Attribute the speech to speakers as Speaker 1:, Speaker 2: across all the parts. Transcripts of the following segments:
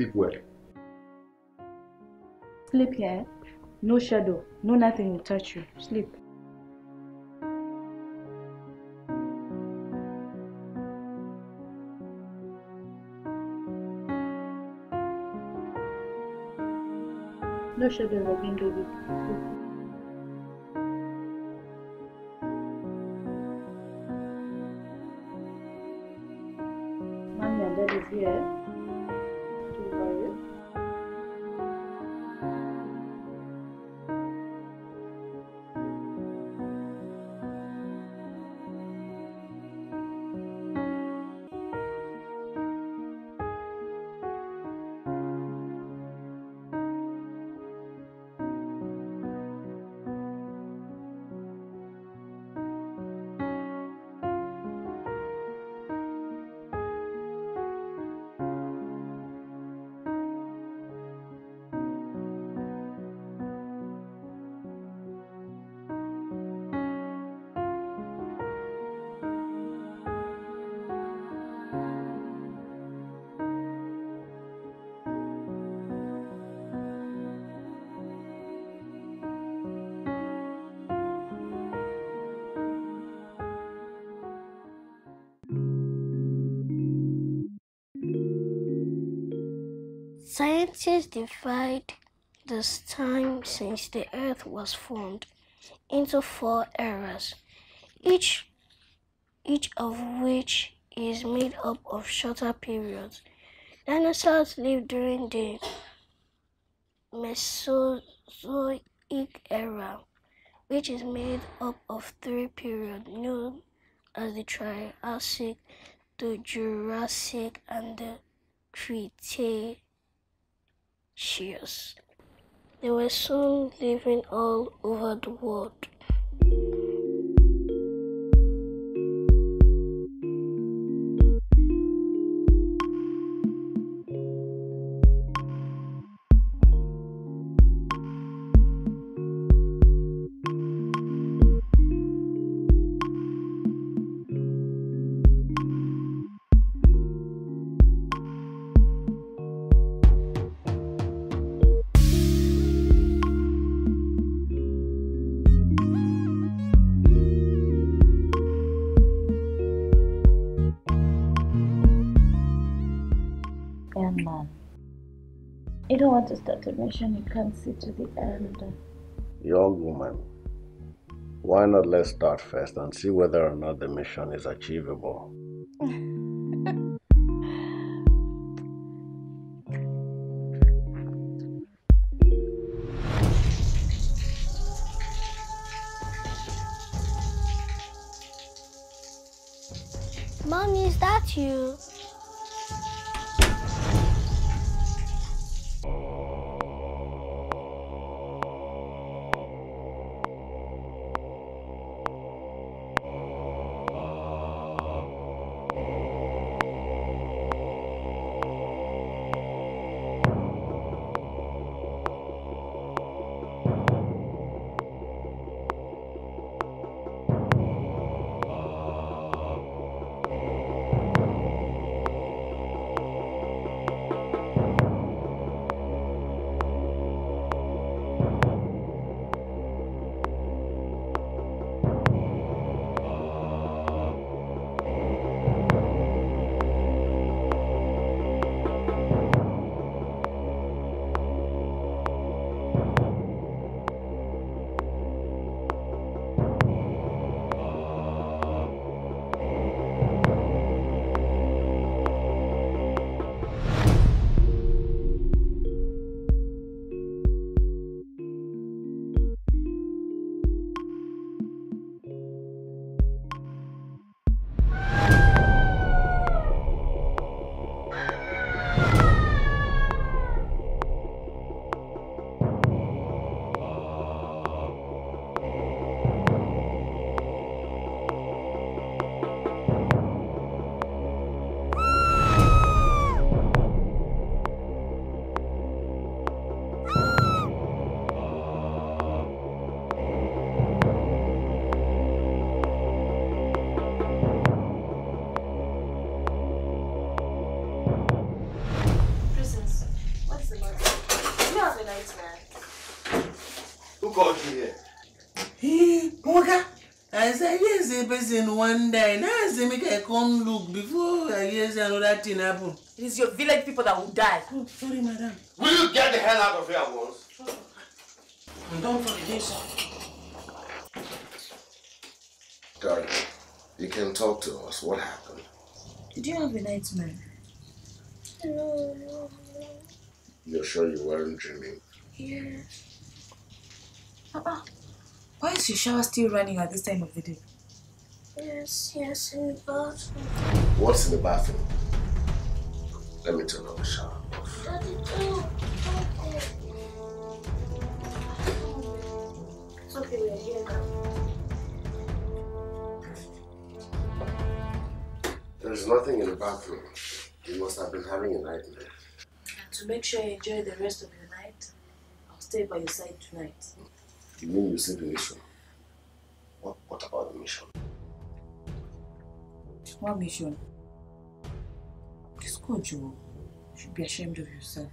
Speaker 1: sleep well. Sleep here? No shadow, no nothing will touch you. Sleep.
Speaker 2: No shadow will be
Speaker 3: Scientists divide this time since the earth was formed into four eras, each, each of which is made up of shorter periods. Dinosaurs lived during the Mesozoic era, which is made up of three periods known as the Triassic, the Jurassic, and the Cretaceous shears. They were soon living all over the world.
Speaker 1: want to start a mission, you can't see to the end.
Speaker 4: Young woman, why not let's start first and see whether or not the mission is achievable?
Speaker 5: in one day. Now I make a come look before I hear another thing happen. It is your village people that will die. Oh, sorry, madam. Will you get the hell out of here once?
Speaker 4: Oh. And
Speaker 5: don't forget, sir.
Speaker 4: Darling, you can talk to us. What happened?
Speaker 3: Did you have a nightmare? No.
Speaker 4: You're sure you weren't dreaming? Yeah.
Speaker 3: Papa, why is
Speaker 1: your shower still running at this time of the day?
Speaker 3: Yes, yes, in the bathroom.
Speaker 4: What's in the bathroom? Let me turn on the shower.
Speaker 3: Daddy,
Speaker 2: don't It's
Speaker 3: okay, we're here now.
Speaker 4: There's nothing in the bathroom. You must have been having a nightmare.
Speaker 3: To make
Speaker 1: sure you enjoy the rest of your night, I'll stay by your side tonight.
Speaker 4: You mean you sleep in this room? What, what about the mission?
Speaker 1: What mission? This coach, you oh, should be ashamed of yourself.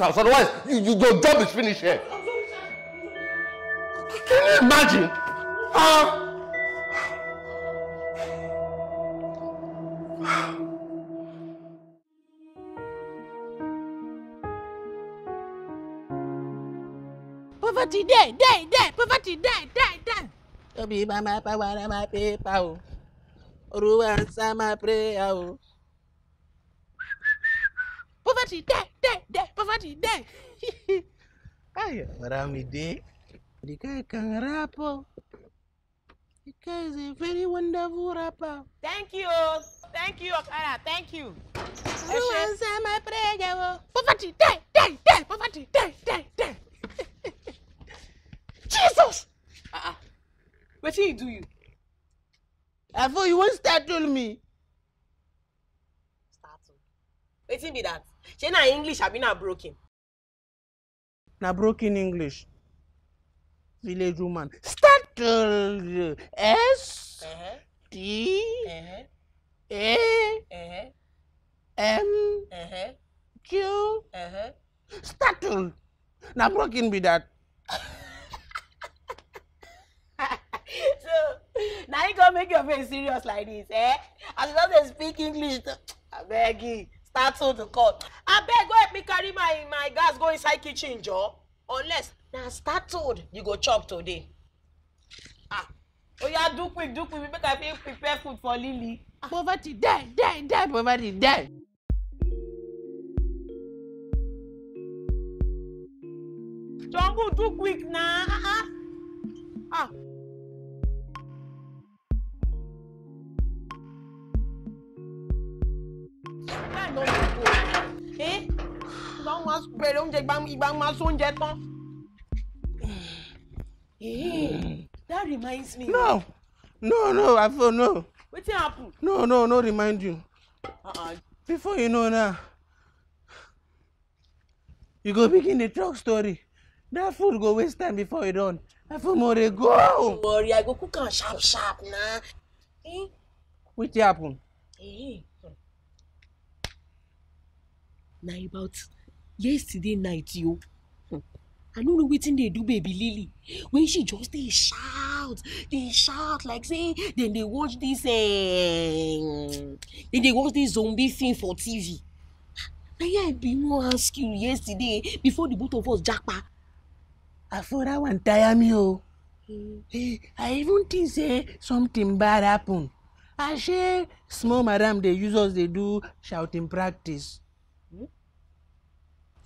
Speaker 4: house otherwise you, you, your job is finished here. Can you imagine? Huh?
Speaker 1: Poverty dey dey dey poverty dey
Speaker 5: dey dey. Tobi ma ma power na ma paper o, Oluwa answer my prayer Poverty dey dey dey. tafadhali dai. is a very wonderful rapper. Thank you. Thank you, Akara. Thank you. You answer my prayer. Poverty dai, dai, dai. Poverty dai, dai, dai. Jesus! Uh-uh. What did he do you? I thought you won't startle me.
Speaker 1: Startle? Waiting be that. ṣé na english àbí na broken.
Speaker 5: na broken english village woman start uh, s uh-huh. d uh-huh. a m q uh-huh. na broken be that.
Speaker 1: so na him go make your face serious like this eh as you don dey speak english abeg startle the court abeg go help me carry my my gas go inside kitchen jor unless na startled you go chop today ah oya do quick do quick make i fit prepare food for lily. Ah. poverty die die die poverty die. jungle do quick na ah. ah, ah.
Speaker 5: Eh? ìgbà wọn máa bẹ̀rẹ̀ oúnjẹ ìgbà wọn máa sọ oúnjẹ tán. Hmm. that reminds me. no no no I feel no. wetin happen. no no no remind you. Uh -uh. before you know now you go begin dey talk story that food go waste time before e done more go. don't worry i go cook am sharp sharp na. Eh? wetin happen. Eh na about
Speaker 1: yesterday night yo. Hmm. i no know wetin dey do baby lily when she just dey shout dey shout like say dem dey watch this um, dem dey watch this zombie film for tv na here i bin wan ask you yesterday before the both of us japa.
Speaker 5: afo that one tire me o oh. hmm. eh, i even think say something bad happen I say small madam dey use us dey do shouting practice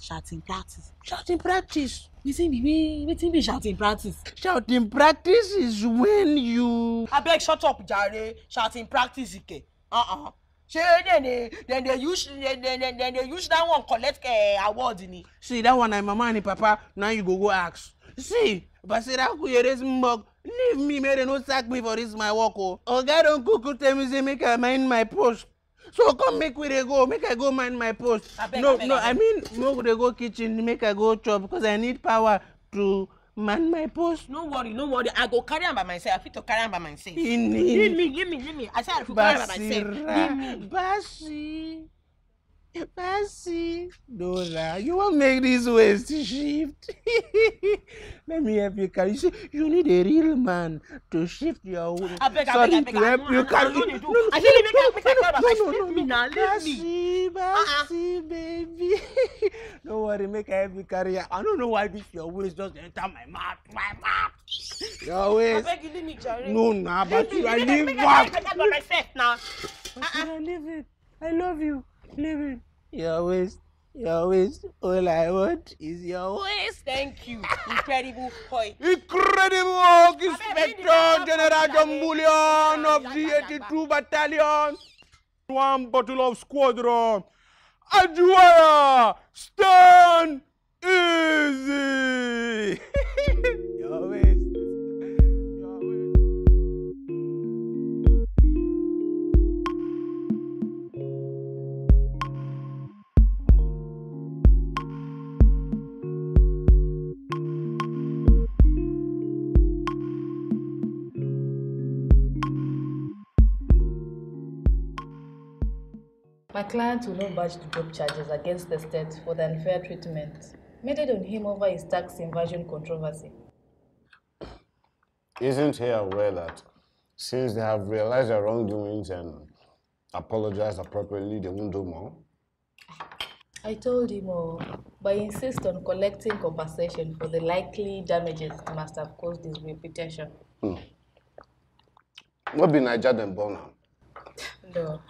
Speaker 5: shouting practice. shouting
Speaker 1: practice. wetin be wetin be shouting practice. shouting
Speaker 5: practice is when you. abeg shut up jare shouting practice ike. Uh-uh. ṣé dem dey use dem dem dem dey use that one collect uh, award ni. see that one na im mama and im papa na you go go ask. see basira kuyere mbok leave me make dem no sack me for this my work o. Oh. oga don kuku tell me say make i mind my post so come make we dey go make i go mind my post no no i mean make we go kitchen make i go chop because i need power to mind my post. no worry no worry
Speaker 1: i go carry am by myself i fit to carry am by myself. Give me give me give me i say i go carry am by myself Give
Speaker 5: me. basi. Mercy. No, nah. You won't make this waist shift. Let me help you carry. You see, you need a real man to shift your waist. I beg, Sorry, I beg, I beg. help you carry. No, no, no, no, I no, no, make no, no, no, no, no, no, no, Mercy, mercy, baby. Don't worry, make I help you carry. I don't know why this your waist just enter my mouth. My mouth. Your waist. I beg you leave me, Jerry. No, no, but you are leaving. I beg, I beg, I beg myself now. But you uh-uh. are leaving. I love you. Living your waist, your waist. All I want is your
Speaker 1: waist. Thank you, incredible boy.
Speaker 5: Incredible Hulk Inspector General John Bullion of the 82 Battalion. One bottle of squadron. Adjuara, stand easy.
Speaker 1: My client will not budge to drop charges against the state for the unfair treatment meted on him over his tax inversion controversy.
Speaker 4: Isn't he aware that since they have realized their wrongdoings and apologized appropriately, they won't do more?
Speaker 1: I told him all, oh, but insist on collecting compensation for the likely damages he must have caused his reputation.
Speaker 4: Hmm. What be Niger than Bona?
Speaker 1: no.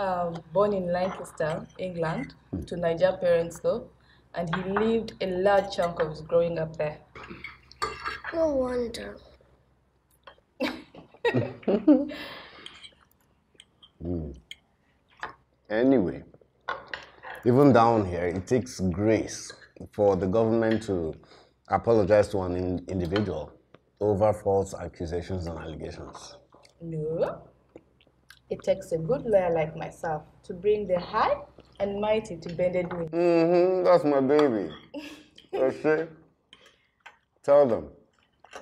Speaker 1: Um, born in Lancaster, England, to Nigerian parents though, and he lived a large chunk of his growing up there.
Speaker 3: No wonder.
Speaker 4: mm. Anyway, even down here, it takes grace for the government to apologize to an in individual over false accusations and allegations.
Speaker 1: No. It takes a good lawyer like myself to bring the high and mighty to bended knee.
Speaker 4: Mm-hmm. That's my baby. okay. Tell them.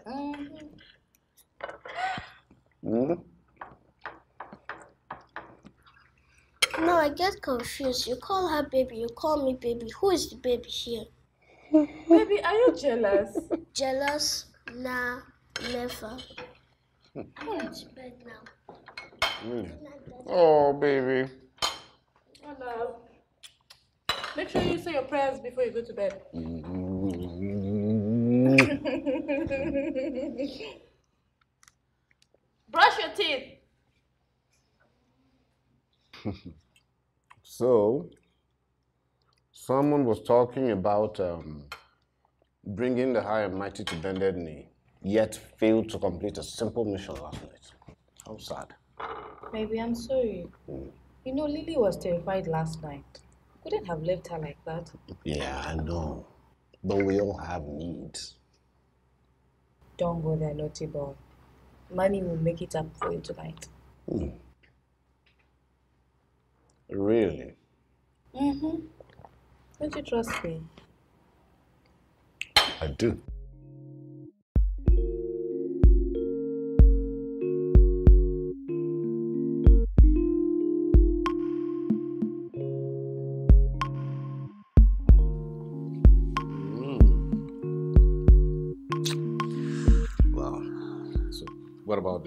Speaker 1: Mm-hmm.
Speaker 4: Mm-hmm.
Speaker 3: No, I get confused. You call her baby, you call me baby. Who is the baby here? baby, are you jealous? jealous? Nah, never. I want to bed now.
Speaker 4: Mm. Oh, baby.
Speaker 1: I Make sure you say your prayers before you go to bed. Brush your teeth.
Speaker 4: so, someone was talking about um, bringing the high and mighty to bended knee, yet failed to complete a simple mission last night. How sad.
Speaker 1: Maybe I'm sorry. You know, Lily was terrified last night. Couldn't have left her like that.
Speaker 4: Yeah, I know. But we all have needs.
Speaker 1: Don't go there, naughty boy. Money will make it up for you tonight.
Speaker 4: Hmm. Really?
Speaker 1: Mm-hmm. Don't you trust me?
Speaker 4: I do.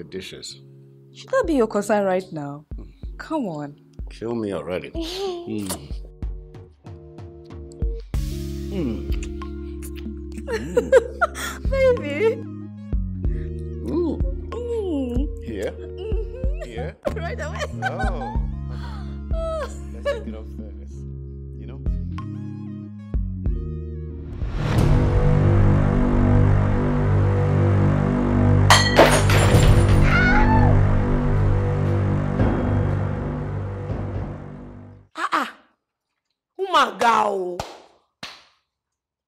Speaker 4: the dishes.
Speaker 1: Should that be your concern right now? Come
Speaker 4: on. Kill me already. mm. Mm.
Speaker 1: Baby. Mm.
Speaker 4: Yeah. -hmm. Yeah.
Speaker 1: Right away. Oh. mà o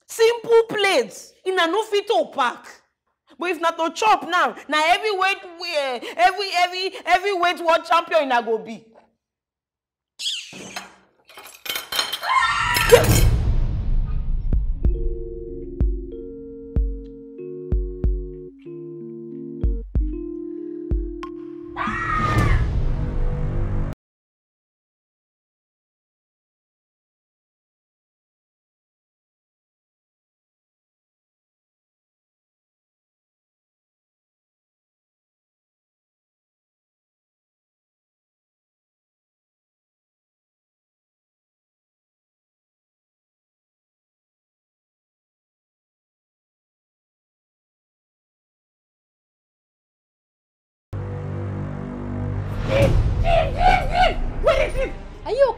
Speaker 1: simple plate una no fit to pack but if not to chop now na heavyweight uh, eh, heavy heavy heavyweight world champion una go be.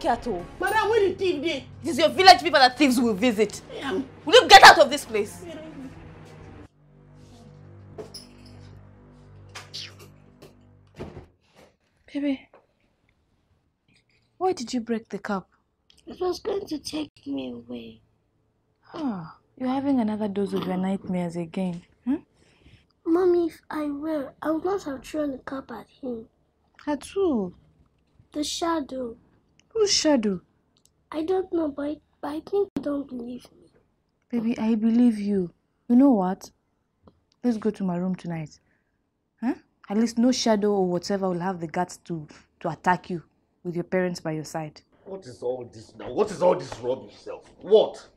Speaker 1: here at all. Madam, where the thief day? It is your village people that thieves will visit. Yeah. Will you get out of this place? Yeah. Baby, why did you break the cup?
Speaker 3: It was going to take me away.
Speaker 1: Oh, you're having another dose of your nightmares again.
Speaker 3: Hmm? Mommy, if I were, I would not have thrown the cup at him. At who? The shadow. Who's Shadow? I don't know, but, but I think you don't believe me.
Speaker 1: Baby, I believe you. You know what? Let's go to my room tonight. Huh? At least no shadow or whatever will have the guts to, to attack you with your parents by your side.
Speaker 4: What is all this now? What is all this rubbish self? What?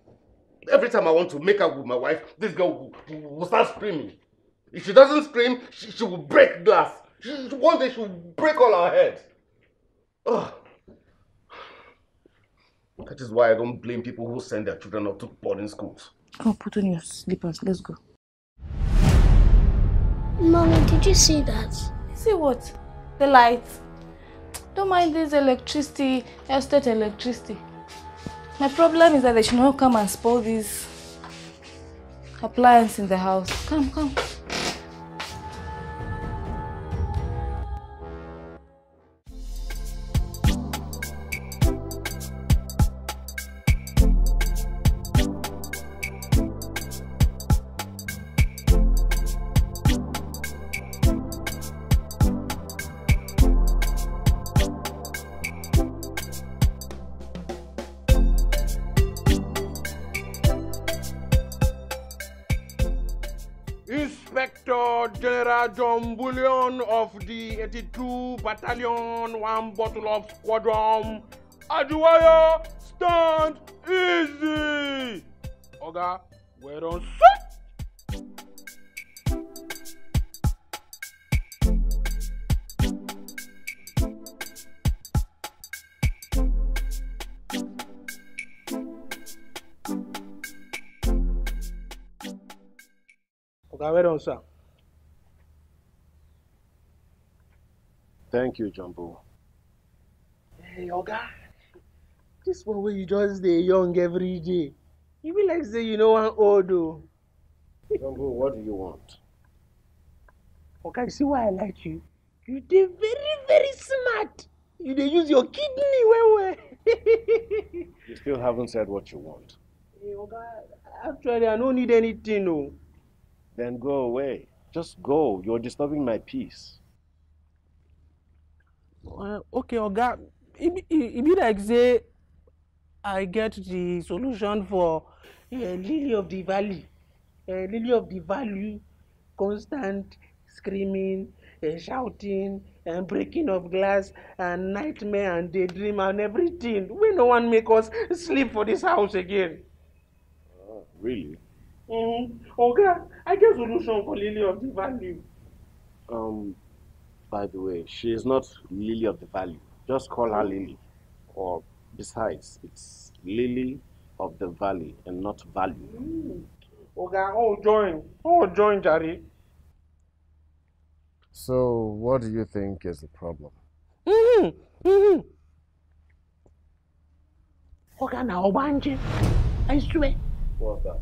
Speaker 4: Every time I want to make up with my wife, this girl will, will start screaming. If she doesn't scream, she, she will break glass. She, one day she will break all our heads. Ugh. That is why I don't blame people who send their children off to boarding schools.
Speaker 1: Oh, put on your slippers. Let's go. Mommy, did you see that? See what? The lights. Don't mind this electricity, estate electricity. My problem is that they should not come and spoil these appliances in the house. Come, come.
Speaker 5: Dombullion of the 82 Battalion, one bottle of Squadron. Aduwaya, stand easy! Oga, we're on set! Oga, where on, sir.
Speaker 4: Thank you, Jumbo.
Speaker 5: Hey, Oga. This one where you just stay young every day. You be like say you know one old though.
Speaker 4: Jumbo, what do you want?
Speaker 5: Oga, you see why I like you? You are very, very smart. You dey use your kidney well, well. you
Speaker 4: still haven't said what you want. Hey, Oga, actually, I don't need anything, no. Then go away. Just go. You're disturbing my peace. uh, okay oga
Speaker 5: e be, e be like say i get the solution for uh, lily of the valley uh, lily of the valley constant screaming uh, shouting and breaking of glass and nightmare and daydream and everything wey no wan make us sleep for this house again.
Speaker 4: Uh, really.
Speaker 5: Mm -hmm. oga i get solution for lily of the valley.
Speaker 4: Um, By the way, she is not Lily of the Valley. Just call her Lily. Or besides, it's Lily of the Valley and not Value. Mm.
Speaker 5: Okay, oh join. Oh join, Jerry.
Speaker 4: So what do you think is the problem?
Speaker 5: Mm-hmm. Mm-hmm. Okay, now Obanje. I swear. What's that?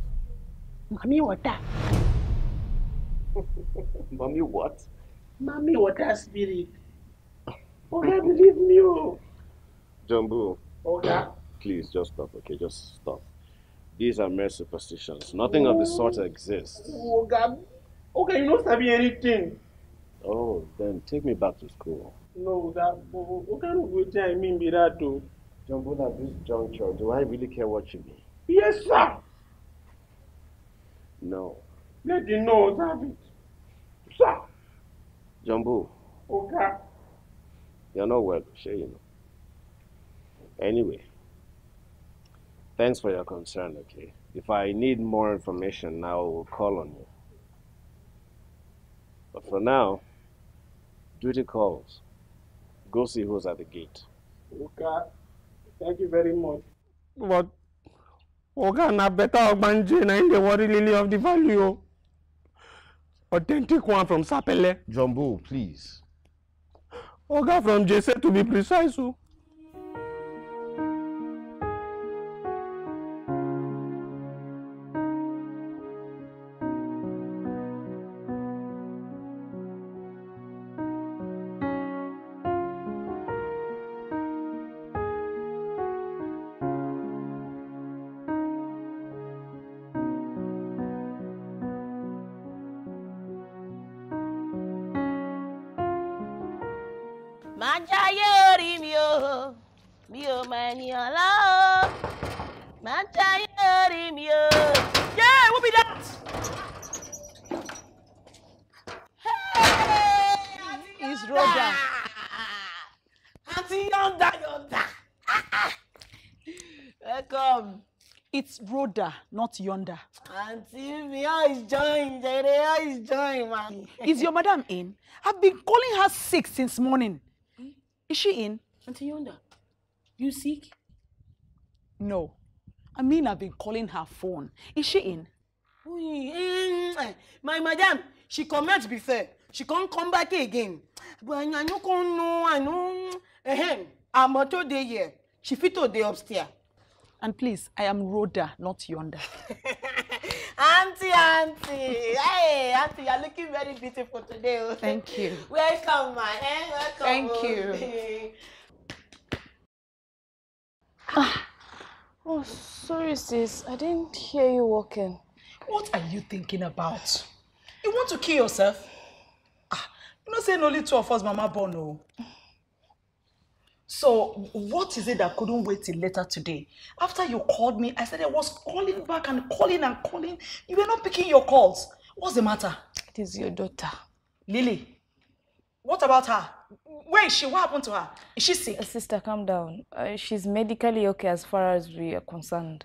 Speaker 5: Mommy, what that?
Speaker 4: Mommy, what?
Speaker 5: what water spirit. Oga, oh, believe me, oh. Jumbo. Oga. Oh,
Speaker 4: please, just stop, okay? Just stop. These are mere superstitions. Nothing oh. of the oh. sort exists.
Speaker 5: Oga, Oga, you know not sabi anything.
Speaker 4: Oh, then take me back to school. No, that what kind of good I mean be that though? Jumbo, at this juncture, do I really care what you mean? Yes, sir. No.
Speaker 5: Let you know, David. Sir.
Speaker 4: Jumbo. Oga. You're not welcome, sure you know. Anyway, thanks for your concern, okay? If I need more information, I will call on you. But for now, duty calls. Go see who's at the gate. Oga, thank you very much. But Oga, na better
Speaker 5: ogbanje na in the worry lily of the value. authentic one from
Speaker 4: Sapele. Jumbo, please.
Speaker 5: Oga from Jese to be precise o.
Speaker 1: yonder, not yonder. Auntie, me, how is join? Jere, how is join, man? Is your madam in? I've been calling her sick since morning. Hmm? Is she in? Auntie Yonder, you sick? No. I mean, I've been calling her phone. Is she in? Eh, eh. My madam, she comment before. She can't come back again. But I know, I know. Ahem, I'm out today here. She fit today upstairs. And please, I am Rhoda, not Yonder. auntie, auntie. Hey, auntie, you're looking very beautiful today. Oh. Thank you.
Speaker 5: Welcome, my Eh? Welcome. Thank oh. you.
Speaker 1: ah. Oh, sorry, sis. I didn't hear you walking. What are you thinking about? You want to kill yourself? Ah, you not saying only two of us, Mama Bono. Oh. So what is it that couldn't wait till later today? After you called me, I said I was calling back and calling and calling. You were not picking your calls. What's the matter? It is your daughter. Lily, what about her? Where is she? What happened to her? Is she sick? Uh, sister, calm down. Uh, she's medically okay as far as we are concerned.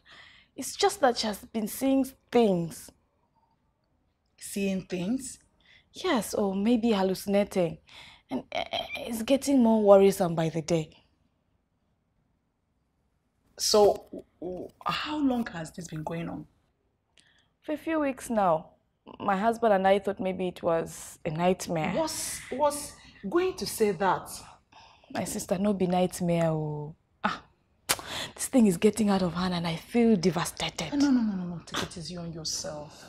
Speaker 1: It's just that she has been seeing things. Seeing things? Yes, or maybe hallucinating. And uh, uh, it's getting more worrisome by the day. So, how long has this been going on? For a few weeks now. My husband and I thought maybe it was a nightmare. Was was going to say that? My sister, no be nightmare. Oh. Ah, this thing is getting out of hand and I feel devastated. No, no, no, no, no. Take it easy on yourself.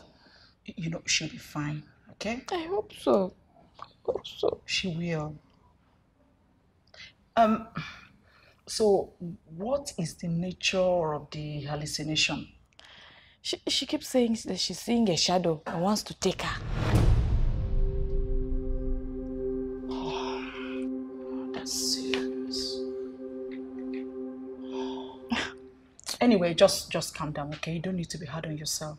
Speaker 1: You know, she'll be fine, okay? I hope so. I hope so. She will. Um... So, what is the nature of the hallucination? She, she keeps saying that she's seeing a shadow and wants to take her. that's serious. Anyway, just just calm down, okay? You don't need to be hard on yourself.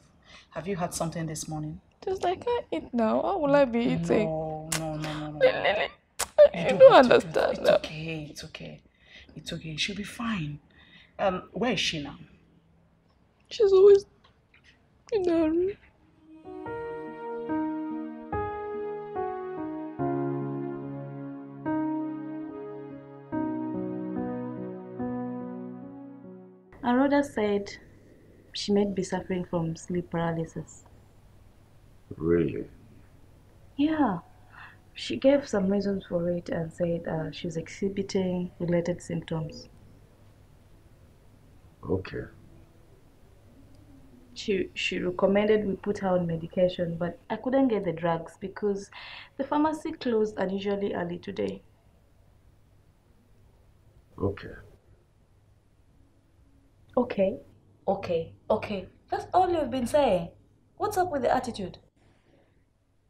Speaker 1: Have you had something this morning? Just like I eat now. what will I be eating? No, no, no, no, no. you, you don't understand. it's okay. It's okay. It's
Speaker 5: okay. She'll be fine. Um, where is she now?
Speaker 1: She's always in her room. Aroda said she might be suffering from sleep paralysis. Really? Yeah. She gave some reasons for it and said uh, she's exhibiting related symptoms. Okay. She, she recommended we put her on medication, but I couldn't get the drugs because the pharmacy closed unusually early today. Okay. Okay. Okay. Okay. That's all you've been saying. What's up with the attitude?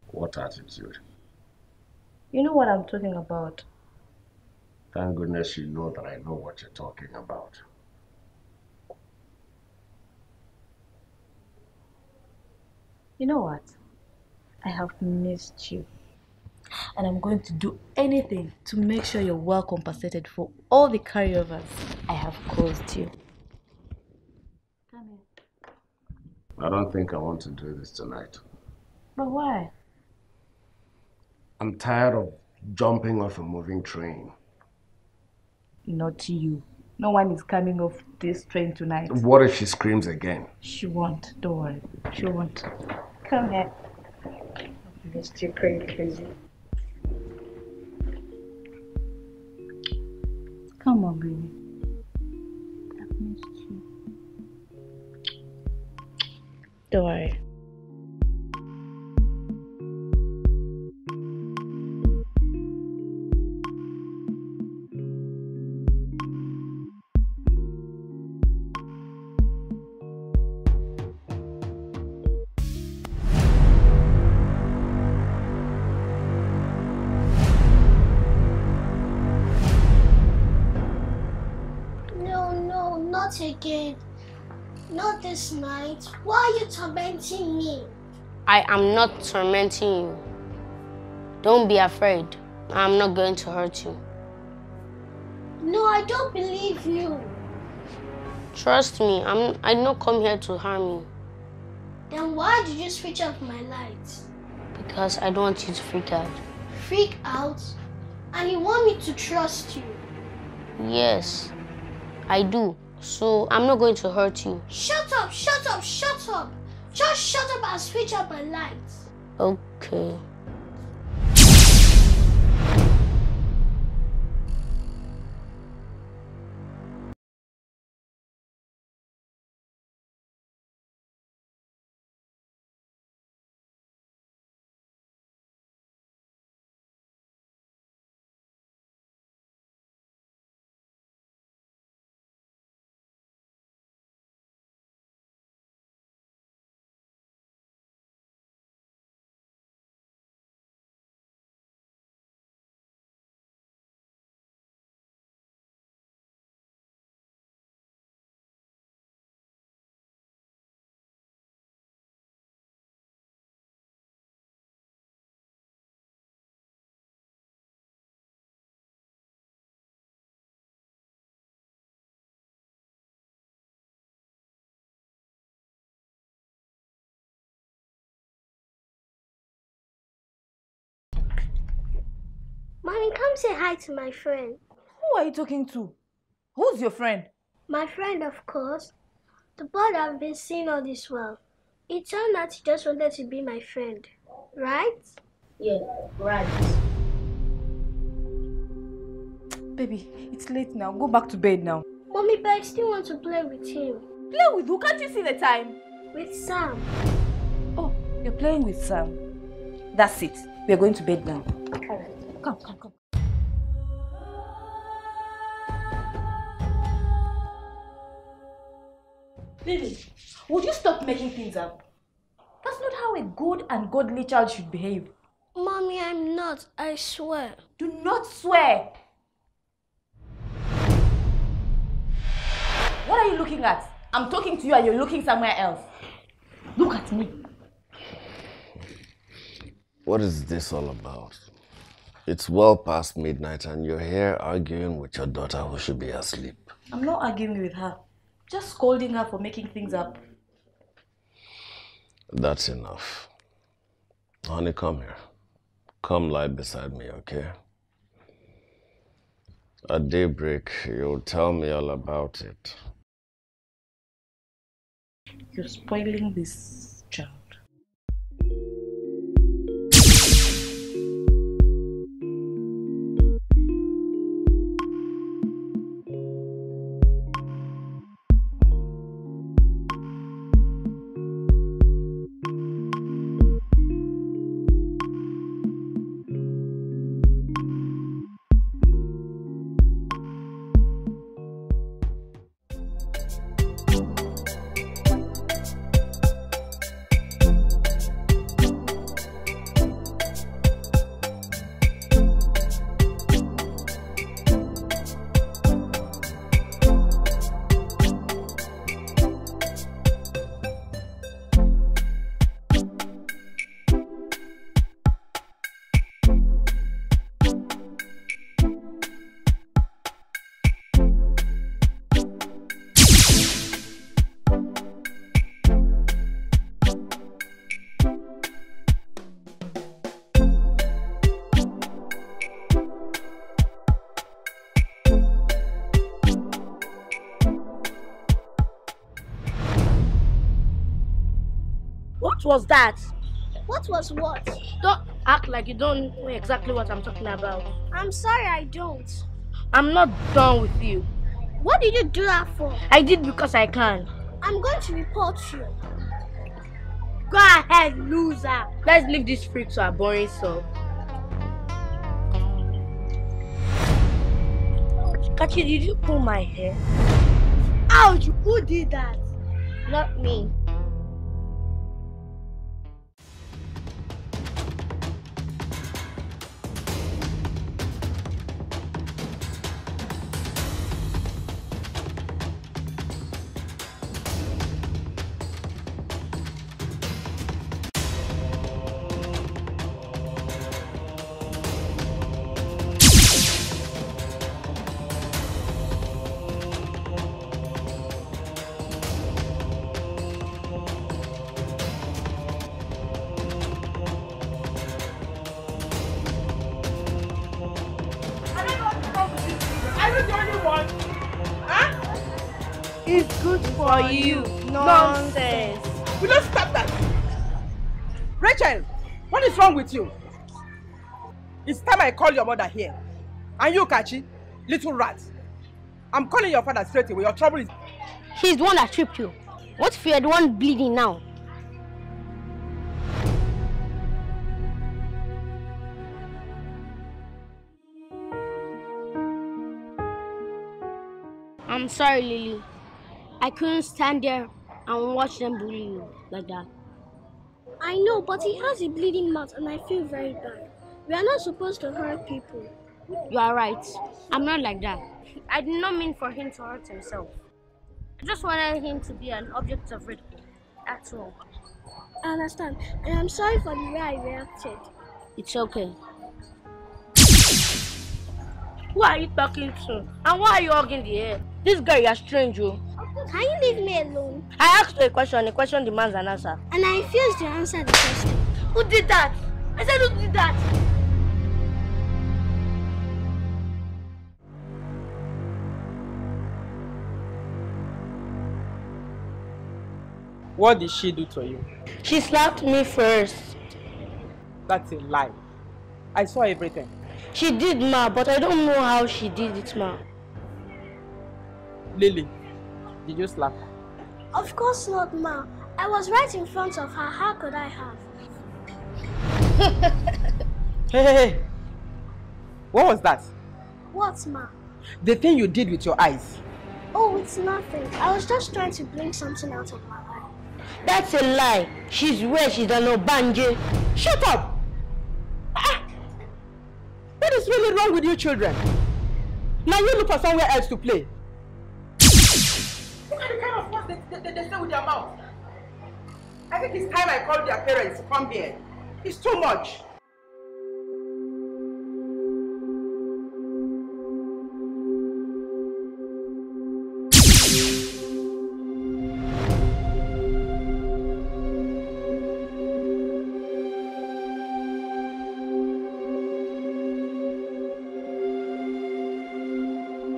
Speaker 4: What attitude?
Speaker 1: You know what I'm talking about.
Speaker 4: Thank goodness you know that I know what you're talking about.
Speaker 1: You know what? I have missed you. And I'm going to do anything to make sure you're well compensated for all the carryovers
Speaker 3: I have caused you. Come here.
Speaker 4: I don't think I want to do this tonight. But why? I'm tired of jumping off a moving train.
Speaker 1: Not you. No one is coming off this train tonight. What if she screams again? She won't. Don't worry. She won't. Come here. You're still going crazy. Come on, baby.
Speaker 5: I've missed you. Don't worry.
Speaker 3: tormenting me. I am not tormenting you. Don't be afraid. I'm not going to hurt you. No, I don't believe you. Trust me, I'm I not come here to harm you. Then why did you switch off my lights? Because I don't want you to freak out. Freak out? And you want me to trust you? Yes, I do. So I'm not going to hurt you. Shut up, shut up, shut up! Just shut up and switch up my lights. Okay. Mommy, come say hi to my friend. Who are you talking to? Who's your friend? My friend, of course. The boy I've been seeing all this while. It turned out he just wanted to be my friend, right? Yeah, right. Baby, it's late now. Go back to bed now. Mommy, but I still want to play with him. Play with who? Can't you see the time? With Sam.
Speaker 1: Oh, you're playing with Sam. That's it. We're going to bed now. Alright come, come, come. Lily, would you stop making things up? That's not how a good and godly child should behave. Mommy, I'm not. I swear. Do not swear. What are you looking at? I'm talking to you and you're looking somewhere else. Look at me.
Speaker 4: What is this all about? It's well past midnight and you're here arguing with your daughter who should be asleep.
Speaker 1: I'm not arguing with her. Just scolding her for making things up.
Speaker 4: That's enough. Honey, come here. Come lie beside me, okay? At daybreak, you'll tell me all about it.
Speaker 2: You're spoiling this child.
Speaker 3: was that? What was what? Don't act like you don't know exactly what I'm talking about. I'm sorry I don't. I'm not done with you. What did you do that for? I did because I can. I'm going to report you. Go ahead, loser. Let's leave this freak to our boring self. Kachi, did you pull my hair? Ouch! Who did that? Not me.
Speaker 1: call your mother here. And you, Kachi, little rat. I'm calling your father straight away. Your trouble is...
Speaker 3: He's the one that tripped you. What if you're the one bleeding now? I'm sorry, Lily. I couldn't stand there and watch them bully you like that. I know, but he has a bleeding mouth and I feel very bad. We are not supposed to hurt people. You are right. I'm not like that. I did not mean for him to hurt himself. I just wanted him to be an object of ridicule. That's all. I understand. And I'm sorry for the way I reacted. It's okay. Who are you talking to? And why are you hugging the air? This girl, you're strange, you. Oh. Can you leave me alone? I asked you a question. The question demands an answer. And I refused to answer the question. Who did that? I said, don't do that.
Speaker 1: What did she do to you? She slapped me first. That's a lie. I saw everything. She did, ma, but I don't know how she did it, ma.
Speaker 3: Lily, did you slap her? Of course not, ma. I was right in front of her. How could I have?
Speaker 5: hey, hey,
Speaker 1: What was that? What, ma? The thing you did with your eyes.
Speaker 3: Oh, it's nothing. I was just trying to bring something out of my eye. That's a lie. She's where she's an Obanje. Shut up! Ah.
Speaker 1: What is really wrong with you children? Now you look for somewhere else to play. Look at the kind of words they, they, they say with their mouth. I think it's time I called their parents to come here. It's too much.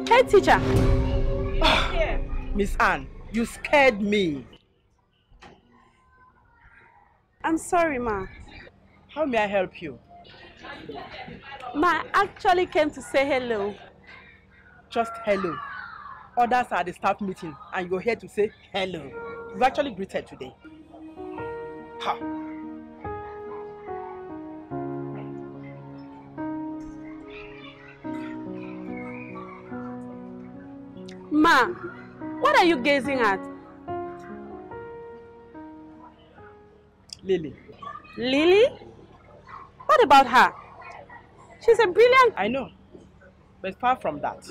Speaker 1: Hey, teacher. Ah, Miss Anne, you scared me. I'm sorry, ma. How may I help you? Ma actually came to say hello. Just hello.
Speaker 5: Others are at the staff meeting and you're here to say hello. You've actually greeted today. Ha!
Speaker 1: Ma, what are you gazing at? Lily. Lily? What about her? She's a brilliant... I know. But far from that,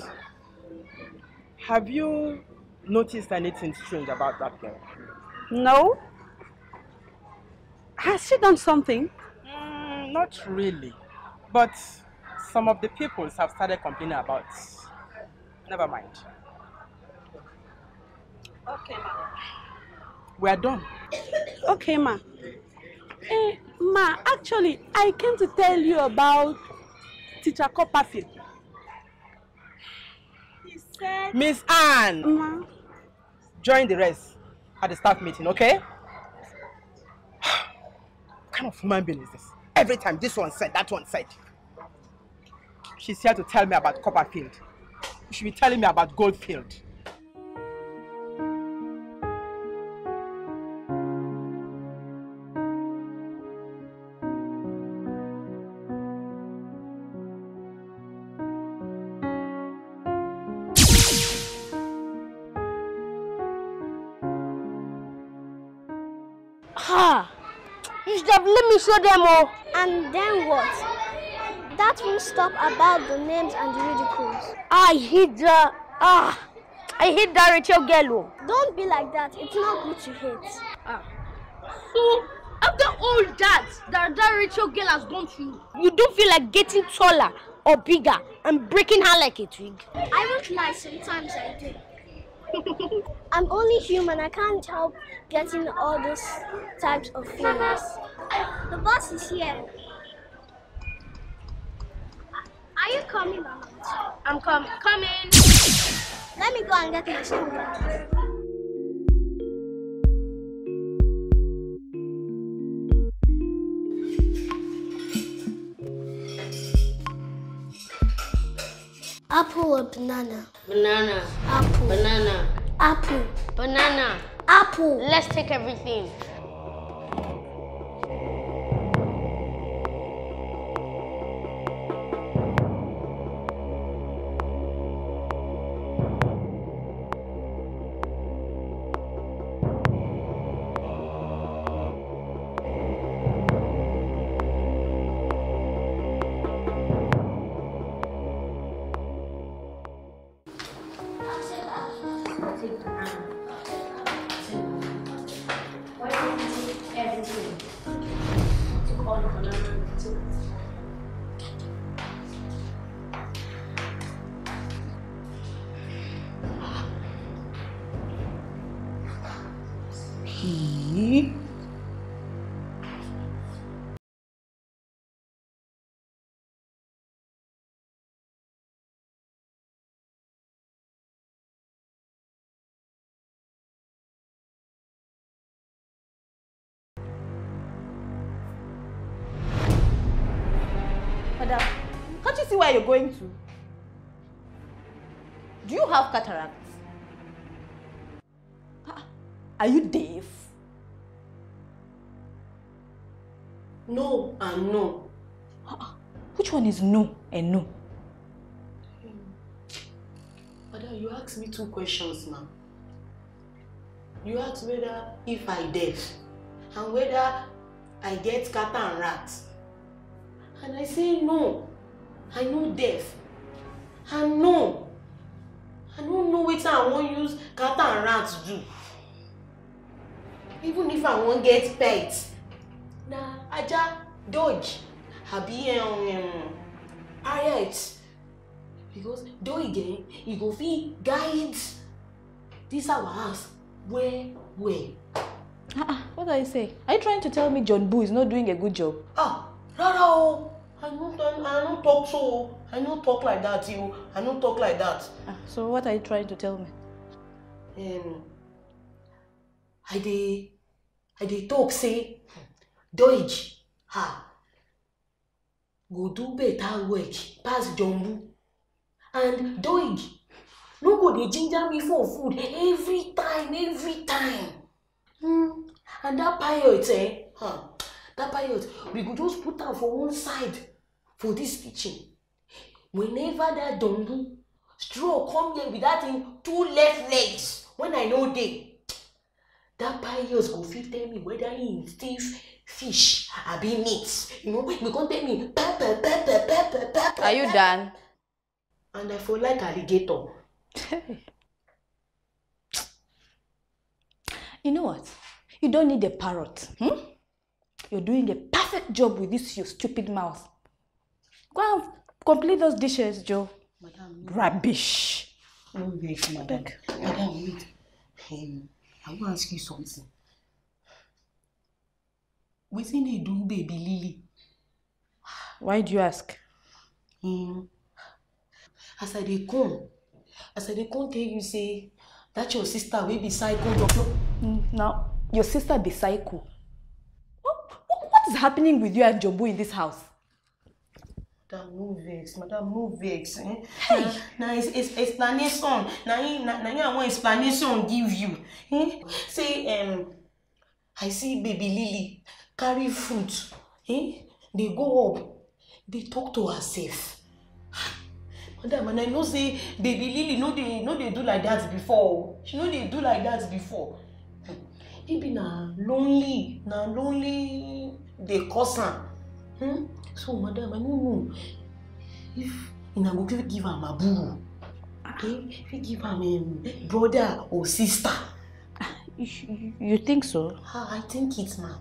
Speaker 1: have you noticed anything strange about that girl? No. Has she done something?
Speaker 5: Mm, not really. But some of the people have started complaining about Never mind. Okay, ma. We're done.
Speaker 1: okay, ma. Eh, ma, actually, I came to tell you about teacher Copperfield. He said... Miss
Speaker 5: Anne! Ma? Join the rest at the staff meeting, okay? what kind of human being is this? Every time this one said, that one said. She's here to tell me about Copperfield. She should be telling me about Goldfield.
Speaker 3: Ha! You should have let me show them all. And then what? That won't stop about the names and the ridicules. I hate the... Ah! I hate that Rachel girl. Don't be like that. It's not good to hate. Ah. So, after all that, that, that Rachel girl has gone through, you don't feel like getting taller or bigger and breaking her like a twig? I won't lie, sometimes I do. I'm only human. I can't help getting all those types of feelings. The bus is here. Are you coming or I'm coming. Coming! Let me go and get my school bag. Apple or banana? Banana. Apple. Banana. Apple. Banana. Apple. Let's take everything.
Speaker 1: where you're going to? Do you have cataracts? Are you deaf? No and no. Which one is no and no? Father, you asked me two questions now. You asked whether if I deaf and whether I get cataracts, and And I say no. i know death. i know i don't know wetin i won't use cat and rat do even if i won't get pet na ajá dodge. abi um, um, harriet because dog again eh, e go fit guide this our house Where, where? ah ah what are you saying are you trying to tell me John Boo is not doing a good job. ah no, no. I don't, I don't talk so. I don't talk like that, you. I don't talk like that. Ah, so what are you trying to tell me? Um, I dey, I dey talk say, Doige, ha, go do better work pass Jumbo. And Doige, no go dey ginger me for food every time, every time. Hmm. And that pilot, eh? Huh. That pilot, we could just put am for one side for this kitchen whenever that dongu straw come here with that him two left legs when i no dey that pious go fit tell me whether him thief fish abi meat you know he go tell me pepper pepper pepper pepper. are you done. and i for like alligator. you know what you don need a parrot hmm? you're doing a perfect job with this your stupid mouth Go and complete those dishes, Joe. Rubbish. No wait, madam. Madam, wait. Um, I want to ask you something. Wetin dey do baby Lily? Why do you ask? Um, as I dey come, as I dey come tell you say that your sister wey be psycho doctor. Mm, your sister be psycho. What, what is happening with you and Jumbo in this house? madam no vex madam no vex eh? hey. na explanation na na na, him awon explanation give you eh? say um, i see baby lily carry fruit. eh? dey go up dey talk to herself madam and i know say baby lily no dey no dey do like that before she no dey do like that before maybe na lonely na lonely dey cause am Hmm? So, madam, I don't know if in go fit give am abu, okay? If you give am um, brother or sister. You, think so? I think it, ma'am.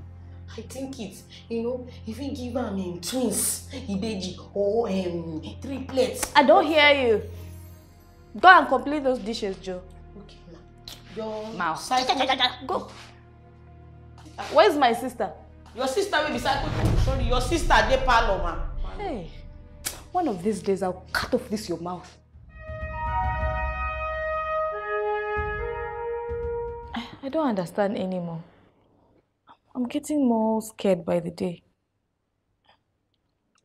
Speaker 1: I think it. You know, if you give am um, twins, ibeji, or um, triplets. I don't hear you. Go and complete those dishes, Joe. Okay, ma'am. Your Mouth. Go. Where's my sister? your sister will be cycle sorry your sister they parlour ma. hey one of these days i will cut off this your mouth. I, don't understand anymore. I'm getting more scared by the day.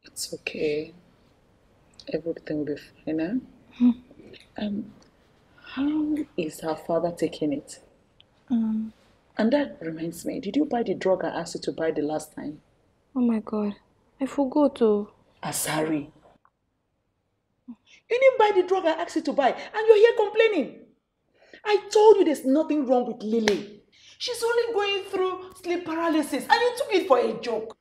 Speaker 1: It's okay. Everything will be fine, eh? Hmm. Um, how is her father taking it? Um, and that reminds me, did you buy the drug I asked you to buy the last time? Oh my god, I forgot to. Oh. Asari. You didn't buy the drug I asked you to buy, and you're here complaining. I told you there's nothing wrong with Lily. She's only going through sleep paralysis, and you took it for a joke.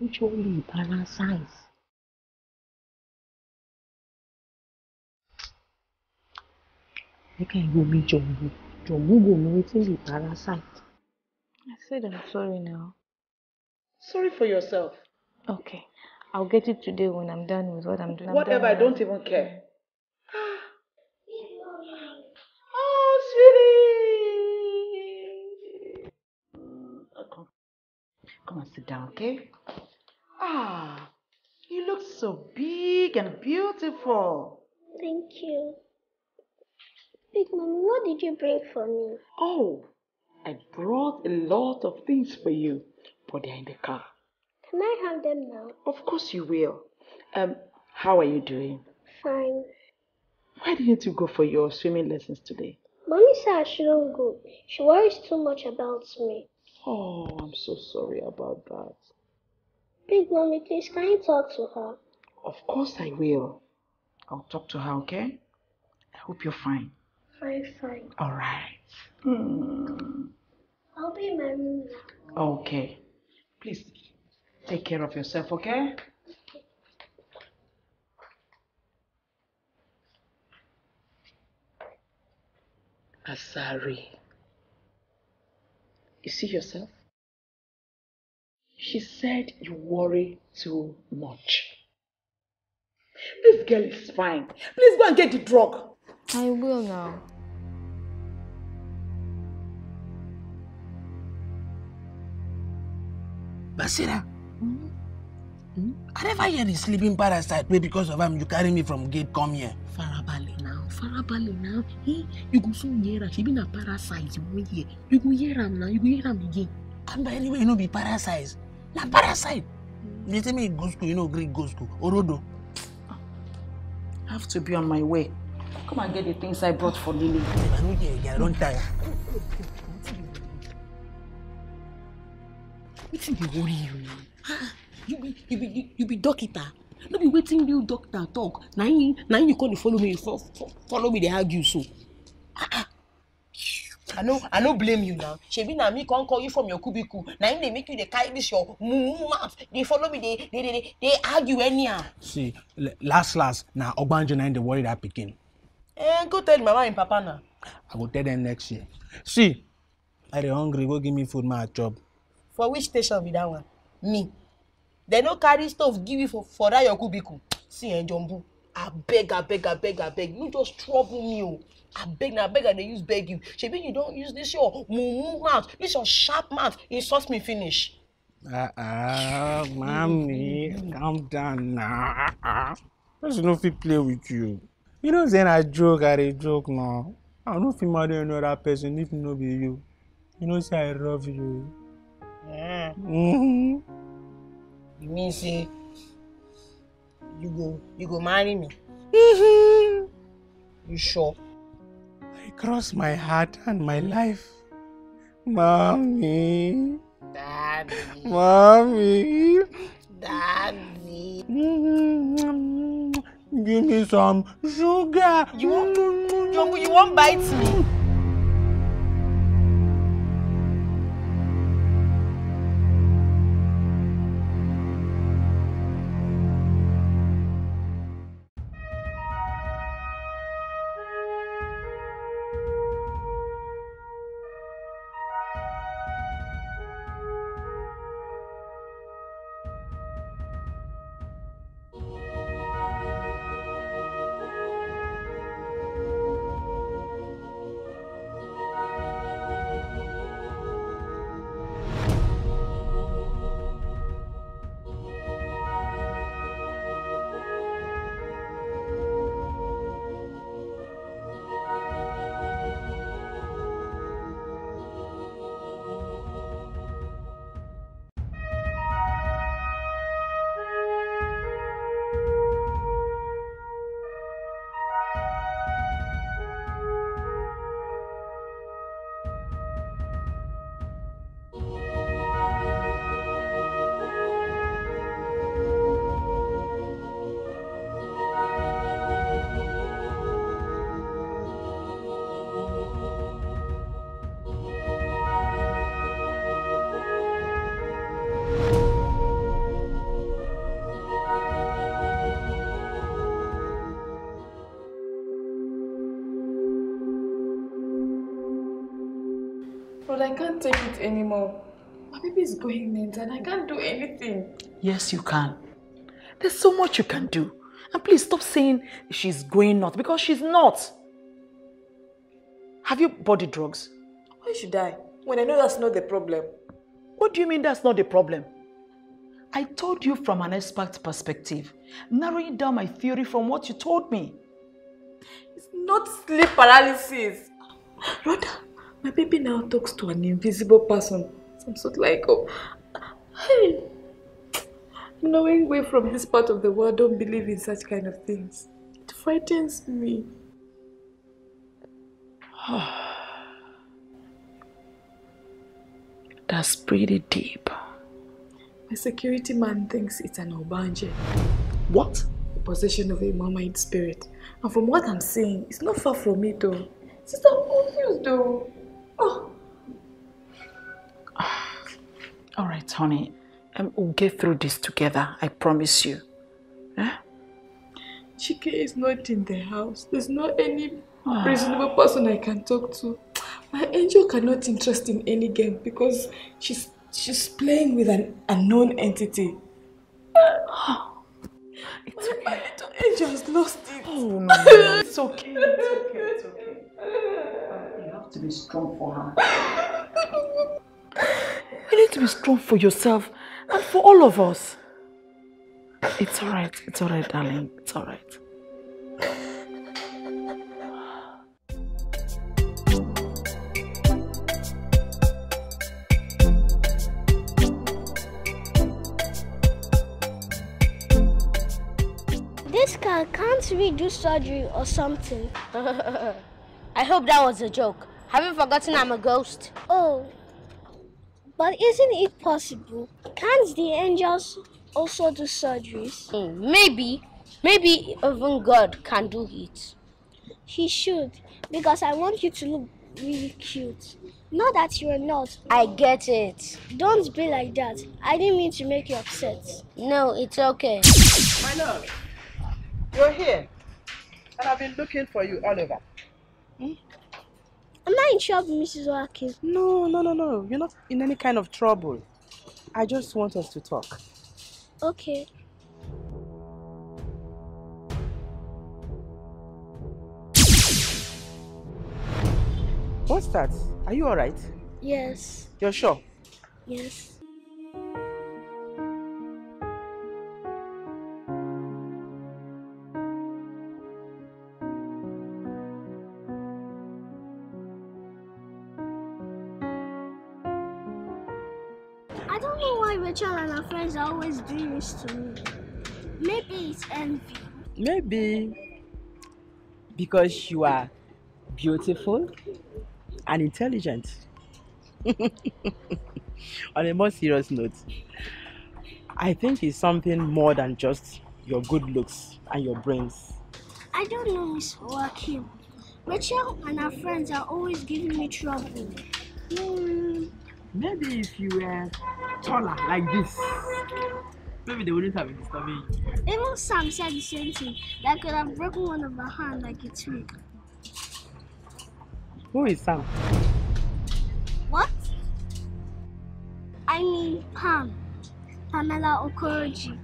Speaker 2: mutually parasites.
Speaker 5: Make I go meet Jumbo. Jumbo go know wetin be parasite.
Speaker 1: I said I'm sorry now. Sorry for yourself. Okay. I'll get it today when I'm done with what I'm doing. Whatever, I'm I don't even care. Ah!
Speaker 2: oh, sweetie!
Speaker 1: Mm, come, come and sit down, okay? Ah, You look so big and beautiful.
Speaker 3: Thank you. Big Mommy, what did you bring for me?
Speaker 1: Oh, I brought a lot of things for you, but they're in the car.
Speaker 3: Can I have them now?
Speaker 1: Of course you will. Um, how are you doing? Fine. Why didn't you go for your swimming lessons today?
Speaker 3: Mommy said I shouldn't go. She worries too much about me.
Speaker 1: Oh, I'm so sorry about that.
Speaker 3: Big Mommy, please, can you talk to her?
Speaker 1: Of course I will. I'll talk to her, okay? I hope you're fine.
Speaker 3: Fine, fine.
Speaker 1: All right.
Speaker 3: Mm. I'll be in my room
Speaker 1: now. Okay. Please, take care of yourself, okay?
Speaker 2: Asari.
Speaker 1: You see yourself? She said you worry too much. This girl is fine. Please go and get the drug. I will now. Basira, hmm?
Speaker 5: Hmm? I never hear the sleeping parasite wey because of him, you carry me from gate come here.
Speaker 1: Farabalẹ̀ now, farabalẹ̀ now. Hey, you go soon hear She been a parasite you wan hear. You go
Speaker 5: hear him now, you go hear him again. Come by anyway, you no know, be parasite na parasite you tell me you go school you no gree go school orodo. i have to be on my way
Speaker 1: come and get the things i brought for lily. i
Speaker 5: no get again i don
Speaker 1: tire. wetin dey worry you you be you be you be dokita no be wetin real doctor talk na him na him you come dey follow me for, for follow me dey argue so ah, ah i no i no blame you now shebi na me come call you from your cubicle na him dey make you dey carry this your mumu mouth dey follow me dey dey dey dey argue anyhow.
Speaker 5: see last last na ogbanjo na him dey worry that pikin.
Speaker 1: Eh, go tell mama and papa na.
Speaker 5: i go tell dem next year see i dey hungry go give me food ma chop.
Speaker 1: for which station be that one me dem no carry stove give you for for that your cubicle see eh jumbo abeg abeg abeg abeg no just trouble me o oh. abeg na abeg i dey use beg you shebi you don use this your mumu mouth this your sharp mouth insult me finish.
Speaker 5: ah ah uh-uh, mami calm down na ah person no fit play with you you know say na joke i dey joke na i no fit marry any other person if no be you you know say i love you.
Speaker 1: Mm. Mm -hmm. you mean
Speaker 5: say you go you go marry me. Mm-hmm. You sure? I cross my heart and my life. Mommy. Daddy. Mommy. Daddy. Mm-hmm. Give me some sugar. You won't, you won't bite me.
Speaker 1: But I can't take it anymore. My baby is going mental and I can't do anything. Yes, you can. There's so much you can do. And please stop saying she's going nuts because she's not. Have you bought the drugs? Why should I? When I know that's not the problem. What do you mean that's not the problem? I told you from an expert perspective, narrowing down my theory from what you told me. It's not sleep paralysis. Rhoda, my baby now talks to an invisible person. Some sort like, oh, hey, knowing we from this part of the world don't believe in such kind of things. It frightens me. That's pretty deep. My security man thinks it's an obanje. What? The possession of a marmite spirit. And from what I'm seeing, it's not far from it though. Sister, confused though. Oh. All right, honey. Um, we'll get through this together. I promise you. Eh? Chike is not in the house. There's not any ah. reasonable person I can talk to. My angel cannot interest in any game because she's she's playing with an unknown entity. Oh. okay. My little angel has lost it. Oh no, it's okay. It's okay. It's okay. to be strong for her. you need to be strong for yourself and for all of us. It's alright, it's alright, darling. It's alright.
Speaker 3: This guy can't redo surgery or something? I hope that was a joke. Haven't forgotten I'm a ghost. Oh, but isn't it possible? Can't the angels also do surgeries? Hmm, maybe. Maybe even God can do it. He should, because I want you to look really cute. Not that you're not. I get it. Don't be like that. I didn't mean to make you upset. No, it's okay. My
Speaker 5: love, you're here. And I've been looking for you all over.
Speaker 3: Am I in trouble, Mrs. Oaki? No, no, no,
Speaker 1: no. You're not in any kind of trouble. I just want us to talk.
Speaker 3: Okay.
Speaker 5: What's that? Are you alright?
Speaker 3: Yes. You're sure? Yes. is doing this to me. Maybe it's envy.
Speaker 5: Maybe because you are beautiful and intelligent. On a more serious note, I think it's something more than just your good looks and your brains.
Speaker 3: I don't know, Miss Joaquin. Rachel and her friends are always giving me trouble. Mm. Maybe if you were taller like this,
Speaker 1: maybe they wouldn't
Speaker 5: have been disturbing
Speaker 3: you. Even Sam said the same thing. That could have broken one of her hand like a tree. Who is Sam? What? I mean Pam. Pamela Okoroji.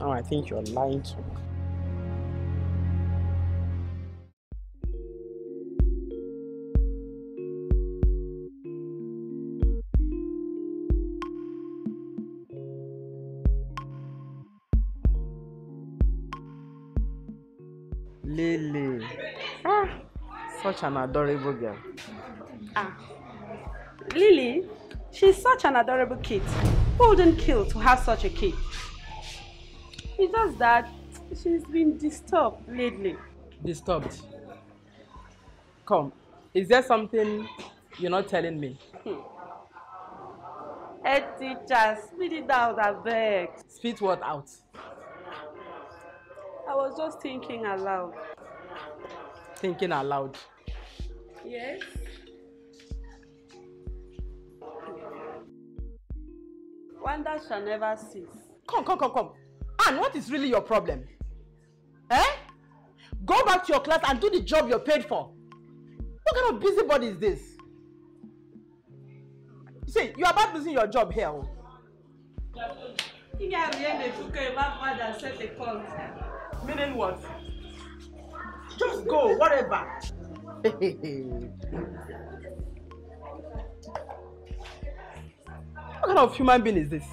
Speaker 5: Oh, I think you're lying to me. Lily. Ah, such an adorable
Speaker 1: girl. Ah, Lily, she's such an adorable kid. Who wouldn't kill to have such a kid? It's just that
Speaker 5: she's been disturbed lately. Disturbed? Come, is there something you're not telling me? Hmm.
Speaker 1: Hey, teacher, spit it out, I beg. Spit what out? I was just thinking aloud.
Speaker 5: Thinking aloud? Yes.
Speaker 1: Wonder shall never cease. Come, come, come, come. Anne, what is really your problem? Eh? Go back to your class and do the job you're paid for. What kind of busybody is this? See, you're about losing your job here. Oh.
Speaker 5: Meaning what? Just go, whatever. what kind of human being is this?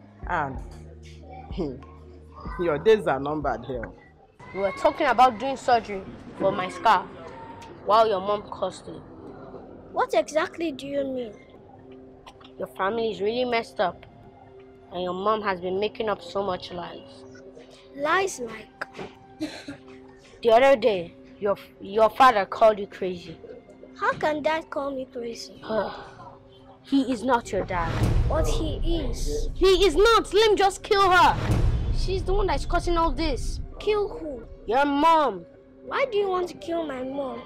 Speaker 5: and your days are numbered here.
Speaker 3: We were talking about doing surgery for my scar while your mom caused it. What exactly do you mean? Your family is really messed up and your mom has been making up so much lies. Lies like? the other day, your, your father called you crazy. How can dad call me crazy? he is not your dad. What he is? He is not! Let him just kill her! She's the one that's causing all this. Kill who? Your mom. Why do you want to kill my mom?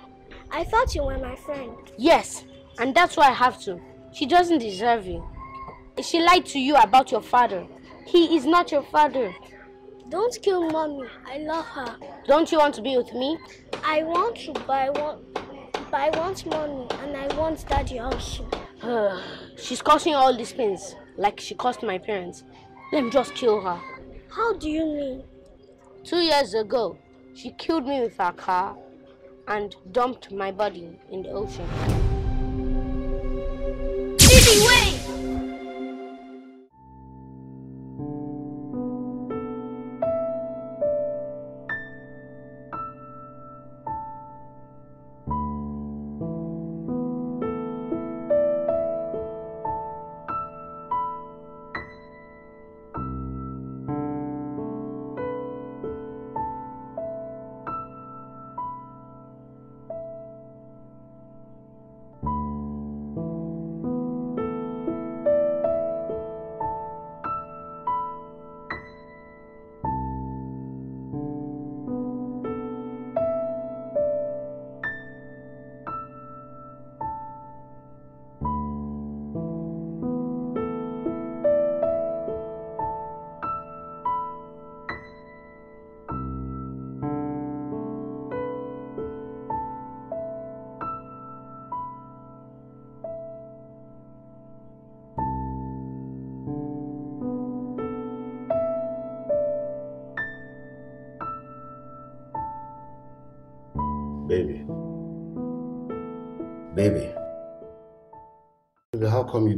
Speaker 3: I thought you were my friend. Yes, and that's why I have to. She doesn't deserve you. She lied to you about your father. He is not your father. Don't kill mommy. I love her. Don't you want to be with me? I want to, but I want, but I want mommy and I want daddy also. Ah, she's causing all these pains, like she caused my parents. Let me just kill her. How do you mean? Two years ago, she killed me with her car and dumped my body in the ocean.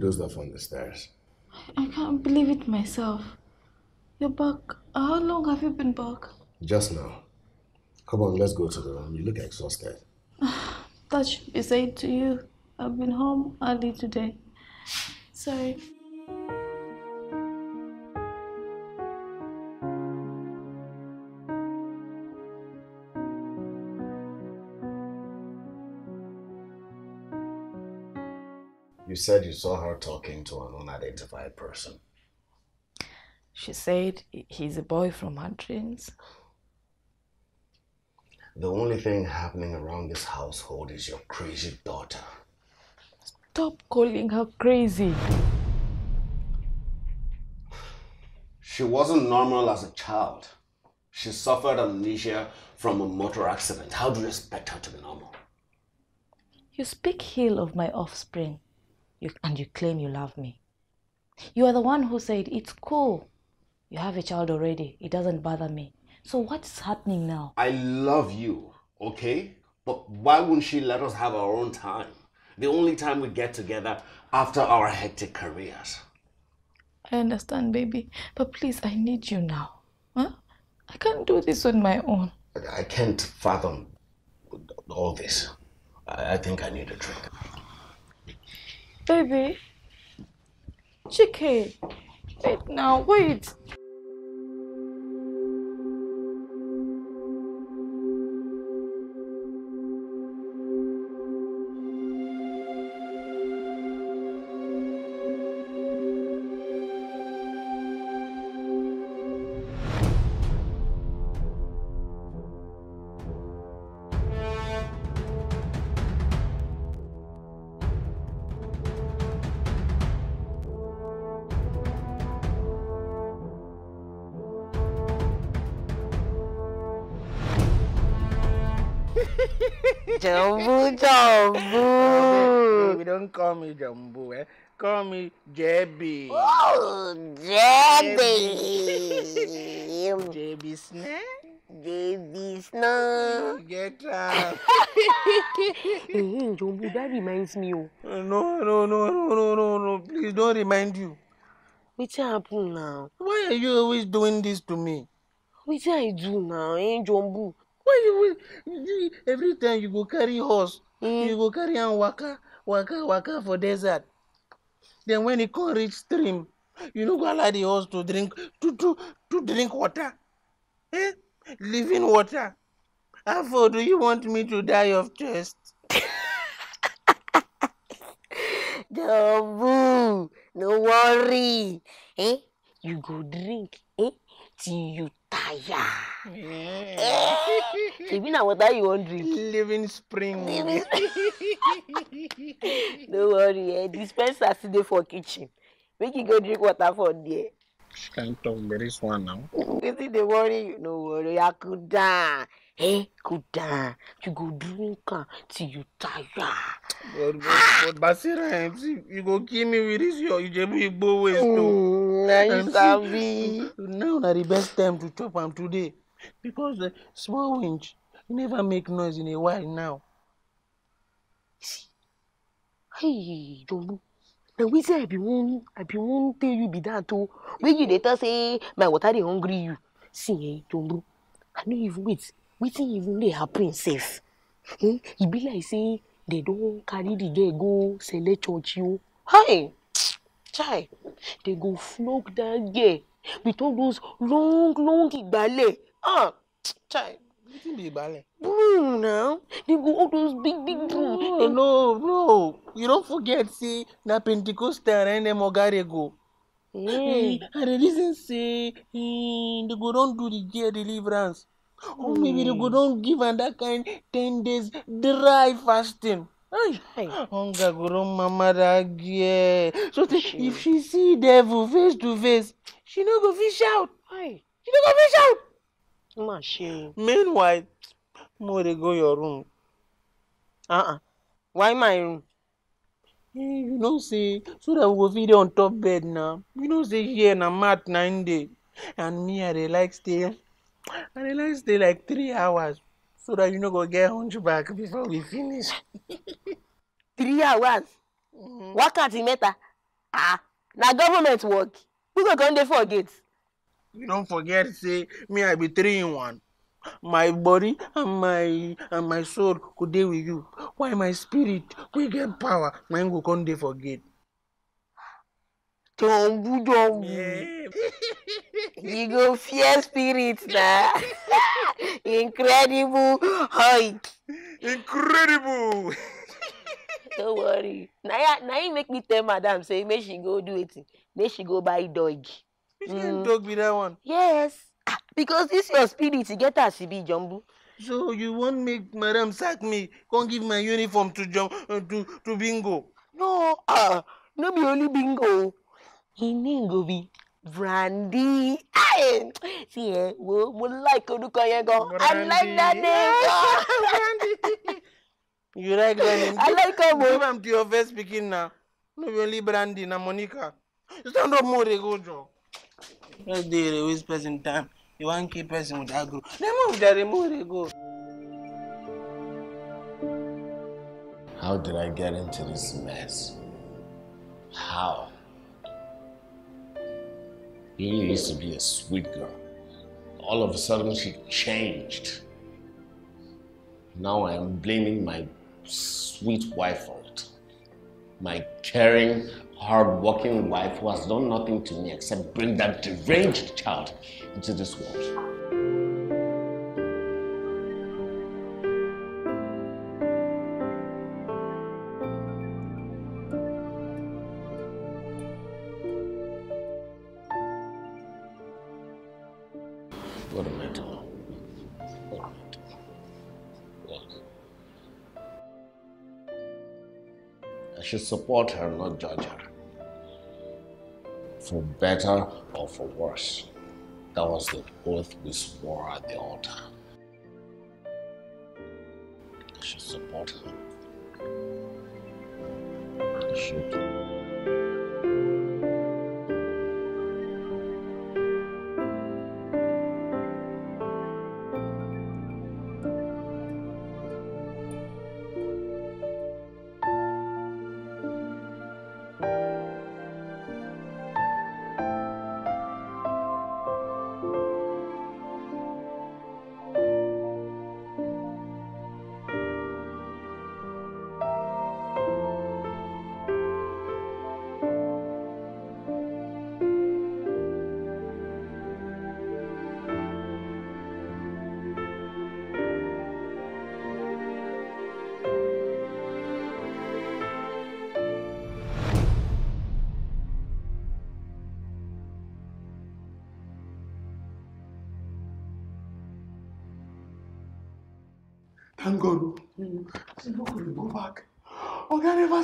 Speaker 4: do stuff on the stairs.
Speaker 1: I can't believe it myself. You're back. How long have you been back?
Speaker 4: Just now. Come on, let's go to the room. You look exhausted.
Speaker 1: that should be said to you. I've been home early today. Sorry.
Speaker 4: You said you saw her talking to an unidentified person.
Speaker 1: She said he's a boy from her dreams.
Speaker 4: The only thing happening around this household is your crazy daughter.
Speaker 1: Stop calling her crazy.
Speaker 4: She wasn't normal as a child. She suffered amnesia from a motor accident. How do you expect her to be normal?
Speaker 1: You speak ill of my offspring you, and you claim you love me. You are the one who said, It's cool. You have a child already. It doesn't bother me. So what's happening now?
Speaker 4: I love you, okay? But why wouldn't she let us have our own time? The only time we get together after our hectic careers.
Speaker 1: I understand, baby. But please, I need you now. Huh? I can't do this on my own.
Speaker 4: I can't fathom all this. I think I need a drink.
Speaker 1: Baby, chicken, wait now, wait.
Speaker 2: Jumbo, Jumbo. We
Speaker 5: don't call me Jumbo, eh? Call me JB. Oh,
Speaker 4: JB.
Speaker 5: JB Snack? JB Snack. Get up. hey, Jumbo, that reminds me. Oh. No, no, no, no, no, no, no. Please don't remind you. What's happened now? Why are you always doing this to me? What did I do now, eh, Jumbo? why you, you every time you go carry horse mm. you go carry am waka waka waka for desert then when e come reach stream you no go allow the horse to drink to to to drink water eh living water how far do you want me to die of thirst.
Speaker 3: Jabu, no worry. Eh? You go drink. Eh? till you tire.
Speaker 1: Shebi na water you wan drink. Living spring no worry eh dispenser still dey for kitchen make you go drink water for there.
Speaker 5: Which kind talk be this one now?
Speaker 1: Wetin dey worry you? No worry, I could die eh, go down. You go drink uh, till you tire. But,
Speaker 5: but, but Basira, MC, eh, you go kill me with this your just be waste. Mm, now you sabi. Now na the best time to chop him today. Because the eh, small winch e never make noise in a while now.
Speaker 3: See?
Speaker 1: Hey, Jumbo. na wetin i be wan i be wan tell you be that too. Oh. When you later say my water dey hungry you see eh Tombo. i know even wait wetin even dey happen sef hmm? e be like say dem don carry the girl go sele church o hi chai dem go flog dat girl with all those long long igbale ah chai.
Speaker 5: wetin be igbale.
Speaker 1: broom na dem go all those big
Speaker 5: big broom. Eh, no no no you don forget say na pentecostal na dem oga dey go. Eh. i dey reason say um, go don do the girl deliverance. Oh, maybe they go hmm. don give am that kind ten days dry fasting. Hunger go don mama that girl. So if she see devil face to face, she no go
Speaker 1: fit shout. She
Speaker 5: no go fit shout. Ma Meanwhile, mo dey go your room. Uh-uh. Why my room? Eh, you know say so that we go fit dey on top bed na you know say here na mat na im dey and me i dey like stay I the lunch dey like three hours so that you no go get hunchback before we finish. three hours What mm-hmm. wákàtí matter? ah now government work we go come dey forget. you don't forget say me i be three in one my body and my and my soul could deal with you Why my spirit wey get power My im go come dey forget. Tombu dombu. Yeah. you go fear spirit na. Incredible
Speaker 1: hike. Incredible.
Speaker 3: Don't worry. Now,
Speaker 1: now you make me tell madam say make she go do it. Make she go buy dog. Which mm. dog be that one? Yes. Ah,
Speaker 3: because this your
Speaker 1: spirit, you get as e be jumbo.
Speaker 5: So you won't make madam sack me, come give my uniform to jump uh, to to bingo. No, ah, uh, no be only bingo inú ìgò bíi
Speaker 1: brandy sí ẹ wo mo like orúkọ yẹn gan i like that name gan.
Speaker 5: you like that name. i like am o. give am to your first pikin na no be only brandy na monica stand up more dey go jọ. just dey dey waste person time you wan kill person with agro dem move jare more dey go.
Speaker 4: How did I get into this mess? How? Lily used to be a sweet girl. All of a sudden, she changed. Now I am blaming my sweet wife for it. My caring, hard-working wife who has done nothing to me except bring that deranged child into this world. should support her, not judge her. For better or for worse. That was the oath we swore at the altar. I should support her. I should.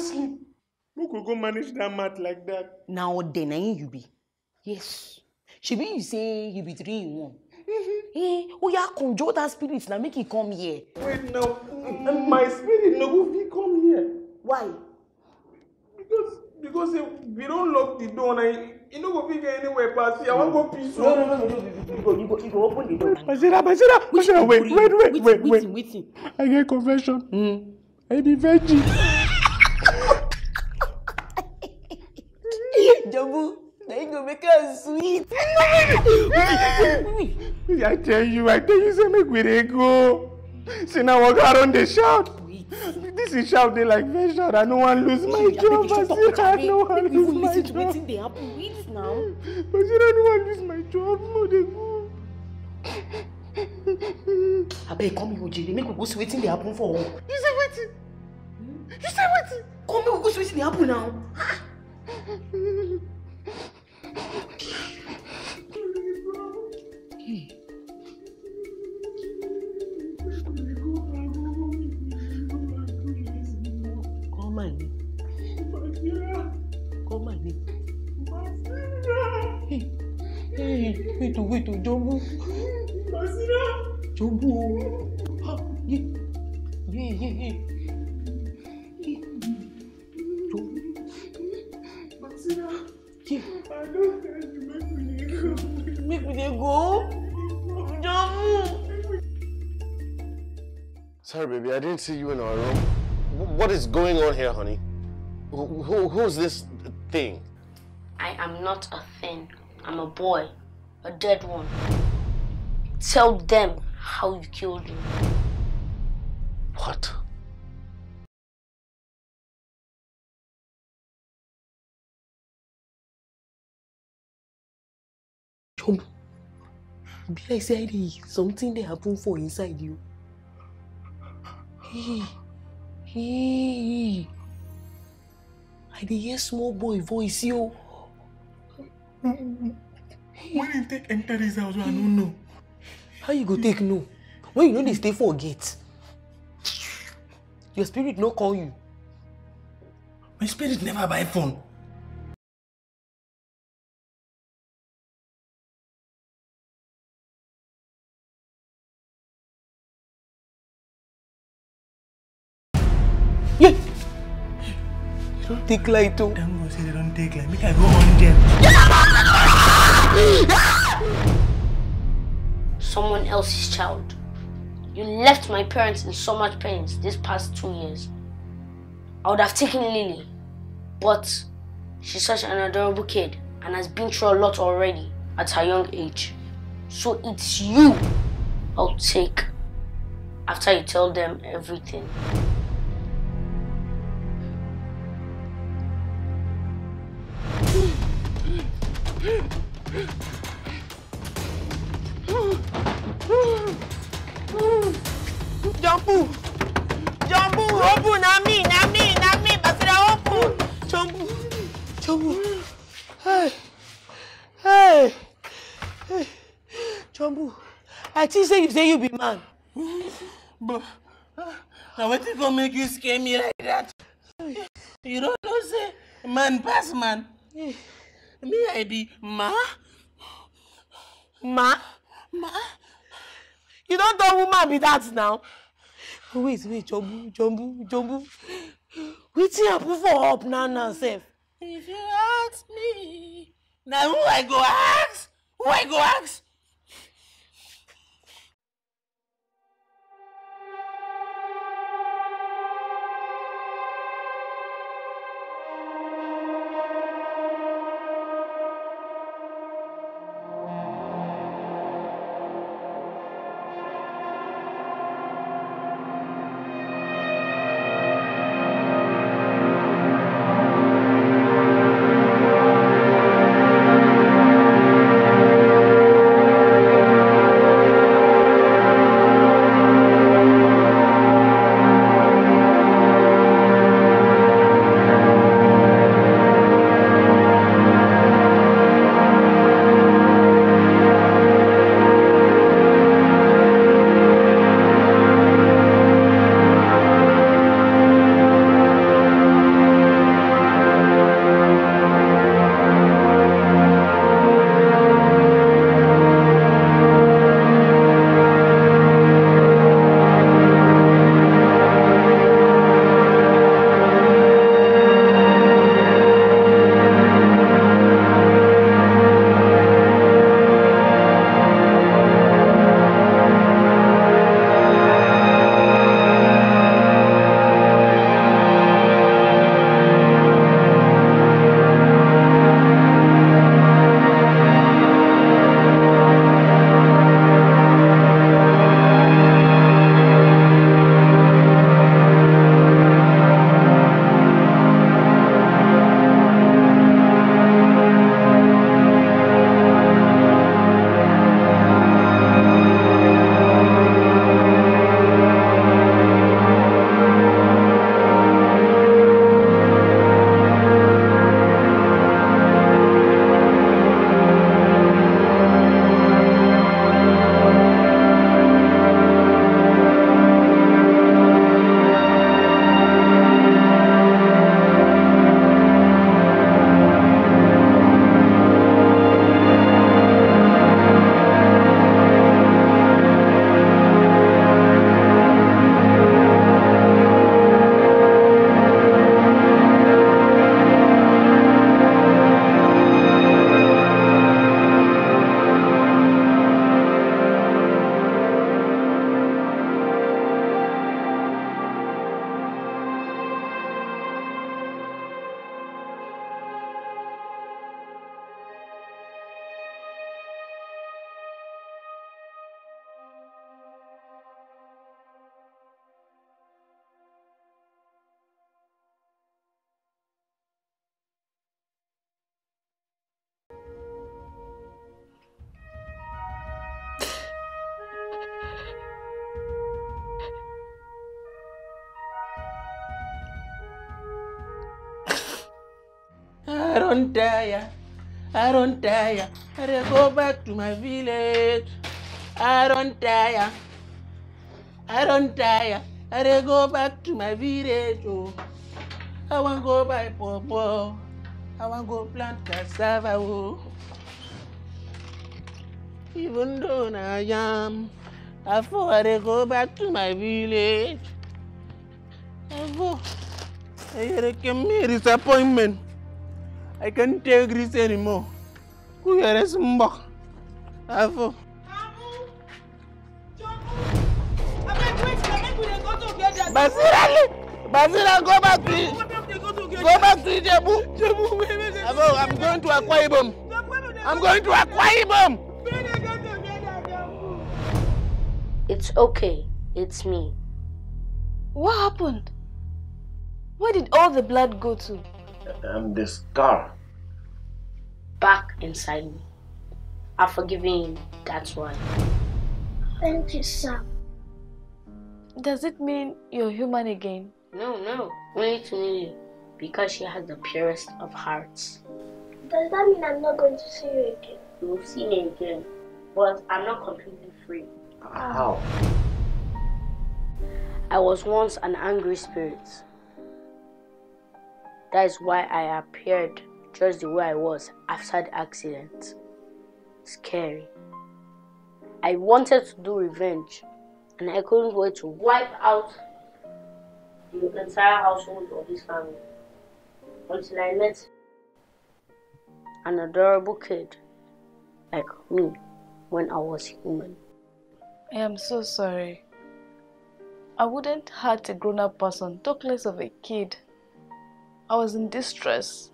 Speaker 5: counseling make we go manage that mat like that. Now, ode na im you be yes
Speaker 1: shebi you say you be three in one mm-hmm. eh oh, are conjure that spirit na make e come here
Speaker 5: wait na my spirit no go fit come here why because because say we don't lock the door I, e no go fit get anywhere pass here i wan go peace no no no no no
Speaker 1: no no. you go you go open the door basira basira wait wait wait wait wait
Speaker 5: i get confession mm. i be veggie. sweet. I tell you, I tell you, say make we dey See now walk around the shout. This is shout they like vex shout. I no wan lose my
Speaker 1: job. I no wan lose my job. Wetin dey But you no wan lose my job. No dey go. come here ojere make we go see for you say what? you say what? come make we go see wetin dey happen now.
Speaker 5: Jumbo. yeah, yeah, yeah, yeah. Make me
Speaker 4: Sorry, baby, I didn't see you in our room. What is going on here, honey? Who, who, who's this thing?
Speaker 3: I am not a thing. I'm a boy. A dead one. Tell them how you killed him.
Speaker 2: What?
Speaker 1: Chumbu, be like said, something they happen for inside you. Hey, hey, I did hear small boy voice, yo. When you
Speaker 5: take enter this house, I don't know how you go take no? when you know they stay for gate your spirit no call you. my spirit
Speaker 2: never buy phone.
Speaker 5: Yeah. You don't take light, oh. Thank God, say they don't take light. Make I go
Speaker 3: on them someone else's child. You left my parents in so much pain this past two years. I would have taken Lily, but she's such an adorable kid and has been through a lot already at her young age. So it's you I'll take after you tell them everything.
Speaker 1: Jumpu, jumpu, jumpu! Na me, na me, na me! Basira, jumpu, jumpu, Jumbo! Hey! Hey!
Speaker 5: Hey! jumpu! I think say you say you be man. But, now wetin go make you scare me like that? You don't know say man pass man. Me, I be ma? Ma? Ma, you don't tell woman be that now.
Speaker 1: Wait, wait, jumbo, jumbo. Jumbu, Jumbu. Wetin happen for up now, now, safe.
Speaker 5: If you ask me,
Speaker 1: now who I go ask? Who I go ask?
Speaker 5: I don't tire, I don't tire. I go back to my village. I don't tire, I don't tire. I go back to my village. Oh, I wan go buy pawpaw. I wan go plant cassava. Oh, even though na yam, I for I dey go back to my village. I go. I dey give me disappointment. I can't take this anymore. Kuyere Simba. Afo. Basirali! Basira, go back to Go back to
Speaker 3: Ijebu. Afo, I'm going to acquire Ibom. I'm going to acquire Ibom. It's okay. It's me.
Speaker 1: What happened? Where did all the blood go to?
Speaker 4: am the scar
Speaker 3: back inside me. I've forgiven him, that's why. Thank you, sir. Does it mean you're human again? No, no, We need to you because she has the purest of hearts. Does that mean I'm not going to see you again? You'll see me again, but I'm not completely free. Ah. How? I was once an angry spirit. That is why I appeared just the way I was after the accident. Scary. I wanted to do revenge and I couldn't wait to wipe out the entire household of this family until I met an adorable kid like me when I was human.
Speaker 1: I am so sorry. I wouldn't hurt a grown up person, talk less of a kid. I was in distress.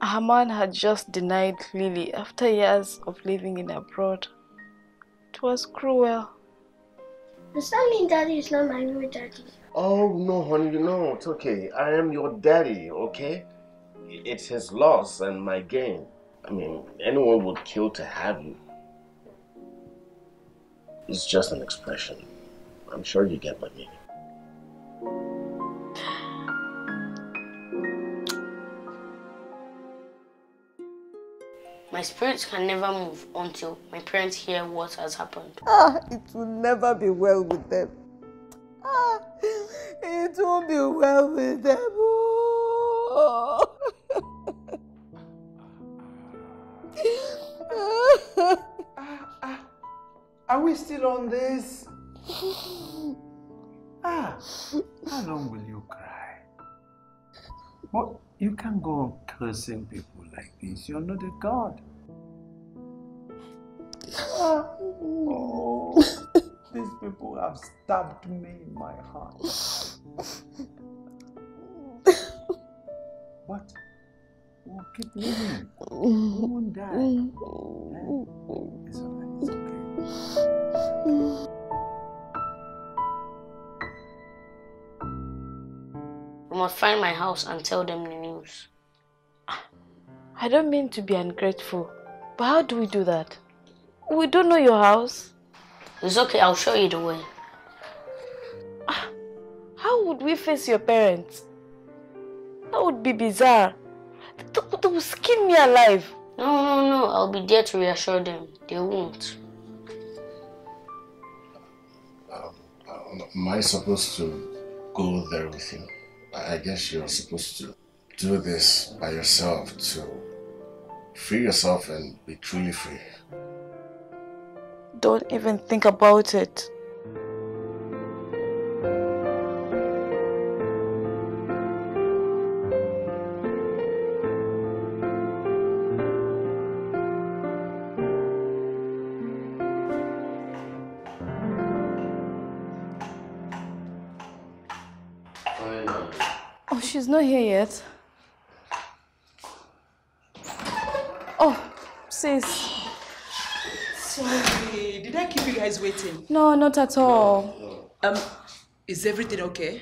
Speaker 1: man had just denied Lily after years of living in abroad. It was cruel.
Speaker 3: Does that mean daddy is not my real daddy?
Speaker 4: Oh, no, honey, no, it's okay. I am your daddy, okay? It's his loss and my gain. I mean, anyone would kill to have you. It's just an expression. I'm sure you get my meaning.
Speaker 3: My spirits can never move until my parents hear what has happened.
Speaker 1: Ah, it will never be well with them. Ah, it won't
Speaker 5: be well with them. Oh. ah, ah. Are we still on this? Ah, how long
Speaker 1: will you cry?
Speaker 5: Well, you can't go on cursing people. Like this, you're not a god. oh, these people have stabbed me in my heart. what?
Speaker 2: We'll keep living. We will die. Eh?
Speaker 3: It's it's okay. i find my house and tell them
Speaker 1: I don't mean to be ungrateful, but how do we do that? We don't know your house. It's okay, I'll show you the way. Ah, how would we face your parents?
Speaker 3: That would be bizarre. They, they will skin me alive. No, no, no. I'll be there to reassure them. They won't.
Speaker 4: Um, uh, am I supposed to go there with you? I guess you're supposed to do this by yourself too. Free yourself and be truly free.
Speaker 1: Don't even think about it. Oh, she's not here yet. sis. Sorry, did I keep you guys waiting? No, not at all. Um, is everything okay?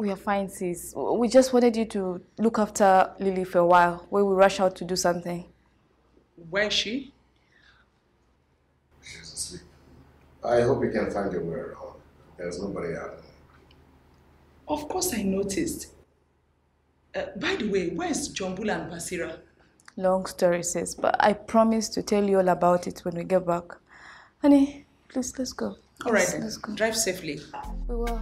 Speaker 1: We are fine, sis. We just wanted you to look after Lily for a while where we rush out to do something. Where is she?
Speaker 4: She's asleep. I hope you can find your way around. There's nobody out there.
Speaker 1: Of course I noticed. Uh, by the way, where is Jombula and Basira? long story sis but i promise to tell you all about it when we get back honey please let's go all right, let's, let's go. drive safely we will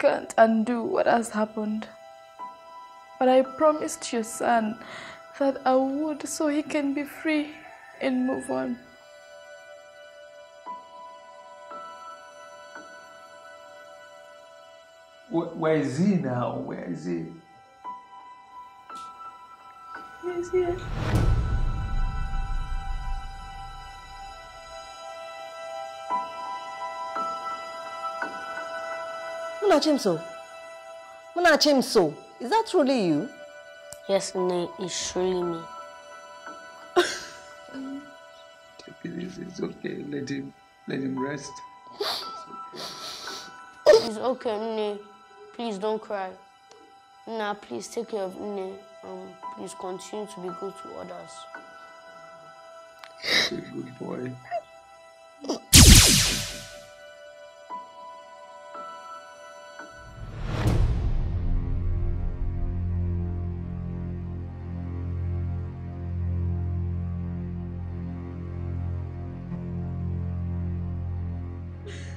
Speaker 1: can't undo what has happened. But I promised your son that I would so he can be free and move on.
Speaker 5: Where is he now? Where is he?
Speaker 1: He's here. Munachimso. Munachimso, is that truly you? Yes,
Speaker 3: Nne, it's truly me.
Speaker 5: Take it easy, it's okay. Let him, let him rest.
Speaker 3: It's okay, Nne. Please don't cry. Now, please take care of Nne. Um, please continue to be good to others. You're a good boy.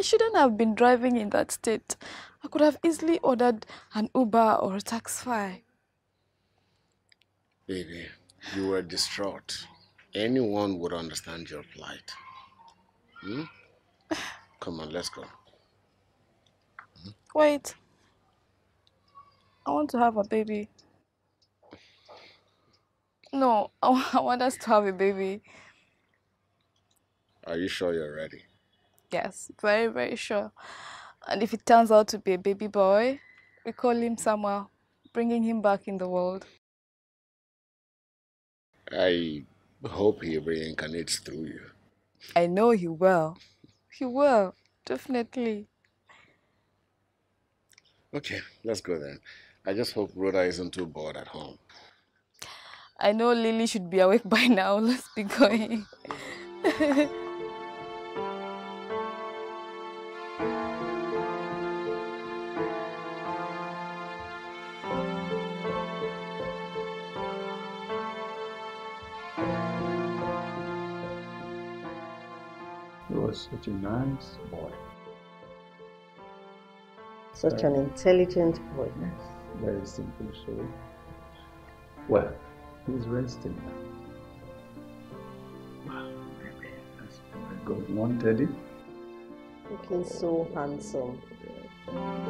Speaker 1: I shouldn't have been driving in that state. I could have easily ordered an Uber or a taxi.
Speaker 4: Baby, you were distraught. Anyone would understand your plight. Hmm? Come on, let's go.
Speaker 1: Hmm? Wait. I want to have a baby. No, I want us to have a baby.
Speaker 4: Are you sure you're ready?
Speaker 1: Yes, very, very sure. And if it turns out to be a baby boy, we call him Samuel, bringing him back in the world.
Speaker 4: I hope he reincarnates through you.
Speaker 1: I know he will. He will, definitely.
Speaker 4: Okay, let's go then. I just hope Rhoda isn't too bored at home.
Speaker 1: I know Lily should be awake by now. Let's be going.
Speaker 4: such a nice boy. Such an intelligent boy. Yes, very simple soul. Well, he's
Speaker 1: resting now. Well, maybe that's God wanted him. Looking so handsome. Yeah.